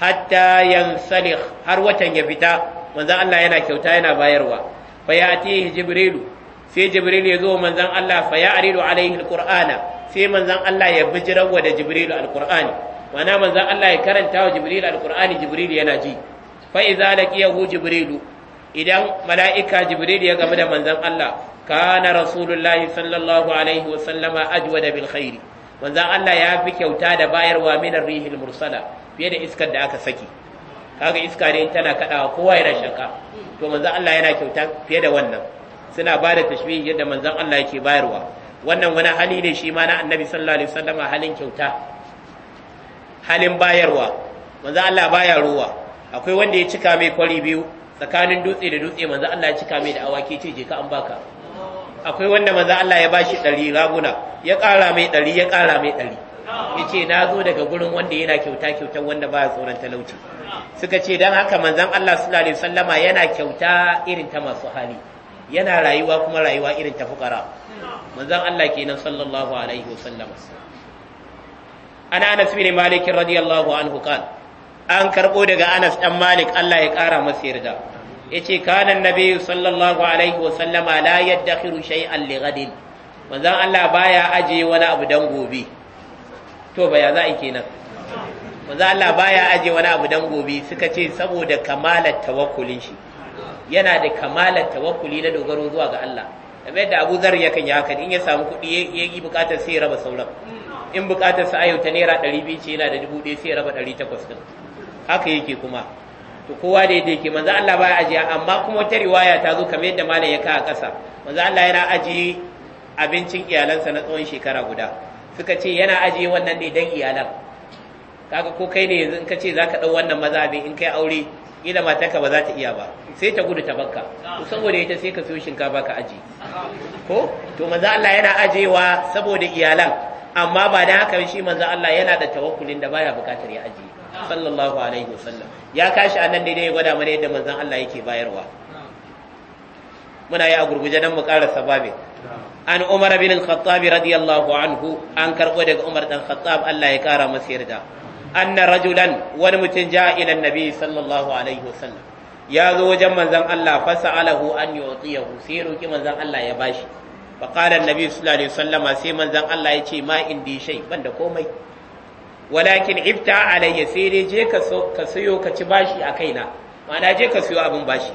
hatta salih har watan ya fita manzan Allah yana kyauta yana bayarwa fa ya'tihi jibrilu sai jibrilu ya zo manzan Allah fa ya'ridu alaihi alqur'ana sai manzan Allah ya bijirawa da jibril alqur'ani wana manzan Allah ya karanta wa jibrilu alqur'ani jibrilu yana ji fa idza laqiyahu jibrilu idan mala'ika jibrilu ya gamu da manzan Allah kana rasulullahi sallallahu alaihi wa sallama ajwada bil khairi manzon Allah ya fi kyauta da bayarwa min rihil mursala fiye da iskar da aka saki kaga iska ne tana kadawa kowa yana shaka to manzon Allah yana kyauta fiye da wannan suna ba da tashbihi yadda manzon Allah yake bayarwa wannan wani hali ne shi ma na annabi sallallahu alaihi wasallama halin kyauta halin bayarwa manzon Allah baya ruwa akwai wanda ya cika mai kwari biyu tsakanin dutse da dutse manzo Allah ya cika mai da awaki ce je ka an baka akwai wanda maza Allah ya bashi ɗari raguna ya ƙara mai ɗari ya ƙara mai ɗari ya ce na zo daga gurin wanda yana kyauta kyauta wanda baya tsoron talauci suka ce don haka manzan Allah sallallahu alaihi sallama yana kyauta irin ta masu hali yana rayuwa kuma rayuwa irin ta fukara manzan Allah kenan sallallahu alaihi wasallama ana Anas bin Malik radiyallahu anhu kan an karbo daga Anas dan Malik Allah ya ƙara masa yarda yace kana nabi sallallahu alaihi wa sallama la yaddakhiru shay'an li ghadin manzon Allah baya aje wani abu dan gobe to baya za a kenan manzon Allah baya aje wani abu dan gobe suka ce saboda kamalar tawakkulin shi yana da kamalar tawakkuli na dogaro zuwa ga Allah kamar yadda Abu Zar yakan yi haka in ya samu kuɗi ya yi bukatar sai ya raba sauran in bukatar sa ayyuta naira 200 ce yana da 1000 sai ya raba 800 din haka yake kuma to kowa da yadda yake manzo Allah baya ajiya amma kuma wata riwaya ta zo kamar yadda malam ya ka a ƙasa manzo Allah yana ajiye abincin iyalansa na tsawon shekara guda suka ce yana ajiye wannan ne dan iyalan kaga ko kai ne yanzu in ka ce zaka dau wannan maza mazhabin in kai aure ila matarka ba za ta iya ba sai ta gudu ta bakka saboda ita sai ka siyo shinkafa ka aji. ko to manzo Allah yana ajewa saboda iyalan amma ba dan haka shi manzo Allah yana da tawakkulin da baya bukatar ya ajiye. sallallahu alaihi wasallam ya kashi a nan daidai ya gwada mana yadda manzan Allah yake bayarwa muna yi a gurguje dan mu ƙara babin an Umar bin al-Khattab radiyallahu anhu an karɓo daga Umar dan Khattab Allah ya kara masa yarda anna rajulan wani mutum ja ila annabi sallallahu alaihi wasallam ya zo wajen manzan Allah alahu an yu'tiyahu sai roki manzan Allah ya bashi fa qala annabi sallallahu alaihi wasallama sai manzan Allah ya ce ma indi shay banda komai walakin ifta alayya sai dai je ka sayo ka ci bashi a kaina ma'ana je ka sayo abin bashi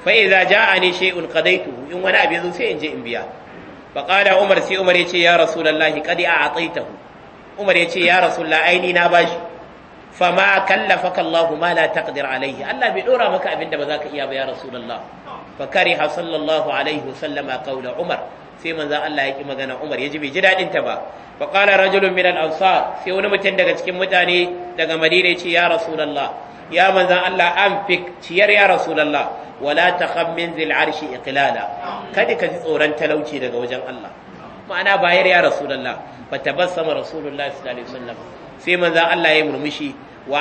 fa idza ja'ani shay'un qadaytuhu in wani abu yazo sai in je in biya fa qala umar sai umar yace ya rasulullahi qad a'taytahu umar yace ya rasulullah aini na bashi fama kallafaka Allah ma la taqdir alayhi Allah bai dora maka abin da ba za ka iya ba ya rasulullah fa kariha sallallahu alaihi wasallama qawla umar sai manzon Allah ya ki magana Umar ji bai ji dadin ta ba fa qala rajulun min al-ansar sai wani mutum daga cikin mutane daga Madina ya ce ya rasulullah ya manzon Allah anfik ciyar ya rasulullah wala takham min zil arshi iqlala kada ka ji tsoron talauci daga wajen Allah ma'ana bayar ya rasulullah fa tabassama rasulullah sallallahu alaihi wasallam sai manzon Allah ya murmushi wa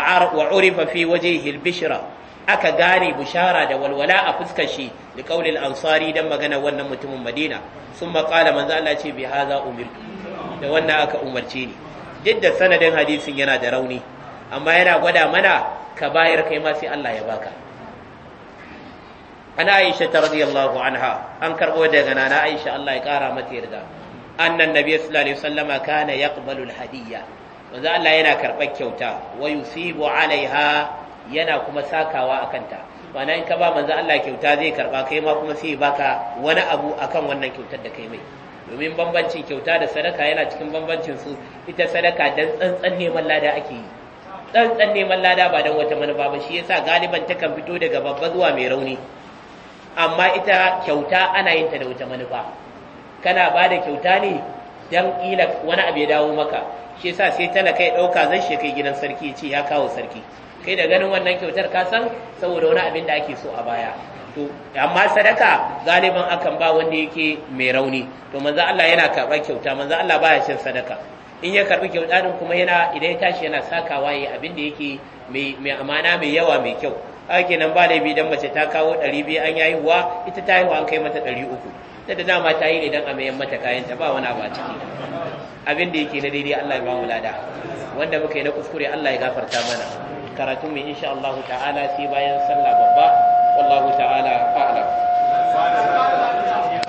urifa fi wajhihi al-bishra aka gane bushara da walwala a fuskar shi da kaulil ansari dan magana wannan mutumin madina sun makala manzo Allah ce bi haza umirtu da wannan aka umarce ni duk da sanadin hadisin yana da rauni amma yana gwada mana ka bayar kai ma sai Allah ya baka ana Aisha ta radiyallahu anha an karbo daga nana Aisha Allah ya kara mata yarda annan nabi sallallahu alaihi wasallama kana yaqbalu alhadiyya manzo Allah yana karɓar kyauta wa yusibu alaiha yana kuma sakawa a kanta ma'ana in ka ba manzo Allah kyauta zai karba kai ma kuma sai baka wani abu akan wannan kyautar da kai mai domin bambancin kyauta da sadaka yana cikin bambancin su ita sadaka dan tsantsan neman lada ake yi tsantsan neman lada ba dan wata manufa ba shi yasa galiban takan fito daga babba zuwa mai rauni amma ita kyauta ana yin ta da wata manufa kana ba da kyauta ne dan kila wani abu ya dawo maka shi yasa sai talaka ya dauka zan shi kai gidan sarki ya ce ya kawo sarki kai da ganin wannan kyautar ka san saboda wani abin da ake so a baya to amma sadaka galiban akan ba wanda yake mai rauni to manzo Allah yana karɓar kyauta manzo Allah baya shin sadaka in ya karɓi kyauta din kuma yana idan ya tashi yana sakawa yayi abin da yake mai mai amana mai yawa mai kyau haka nan ba laifi dan mace ta kawo 200 an yayi huwa ita ta yi an kai mata 300 da dama ta yi idan a mayan mata kayan ta ba wani abu a ciki abin da yake na daidai Allah ya ba mu lada wanda muka yi na kuskure Allah ya gafarta mana karatu mai insha Allah ta'ala sai bayan sallah babba wallahu ta'ala a'lam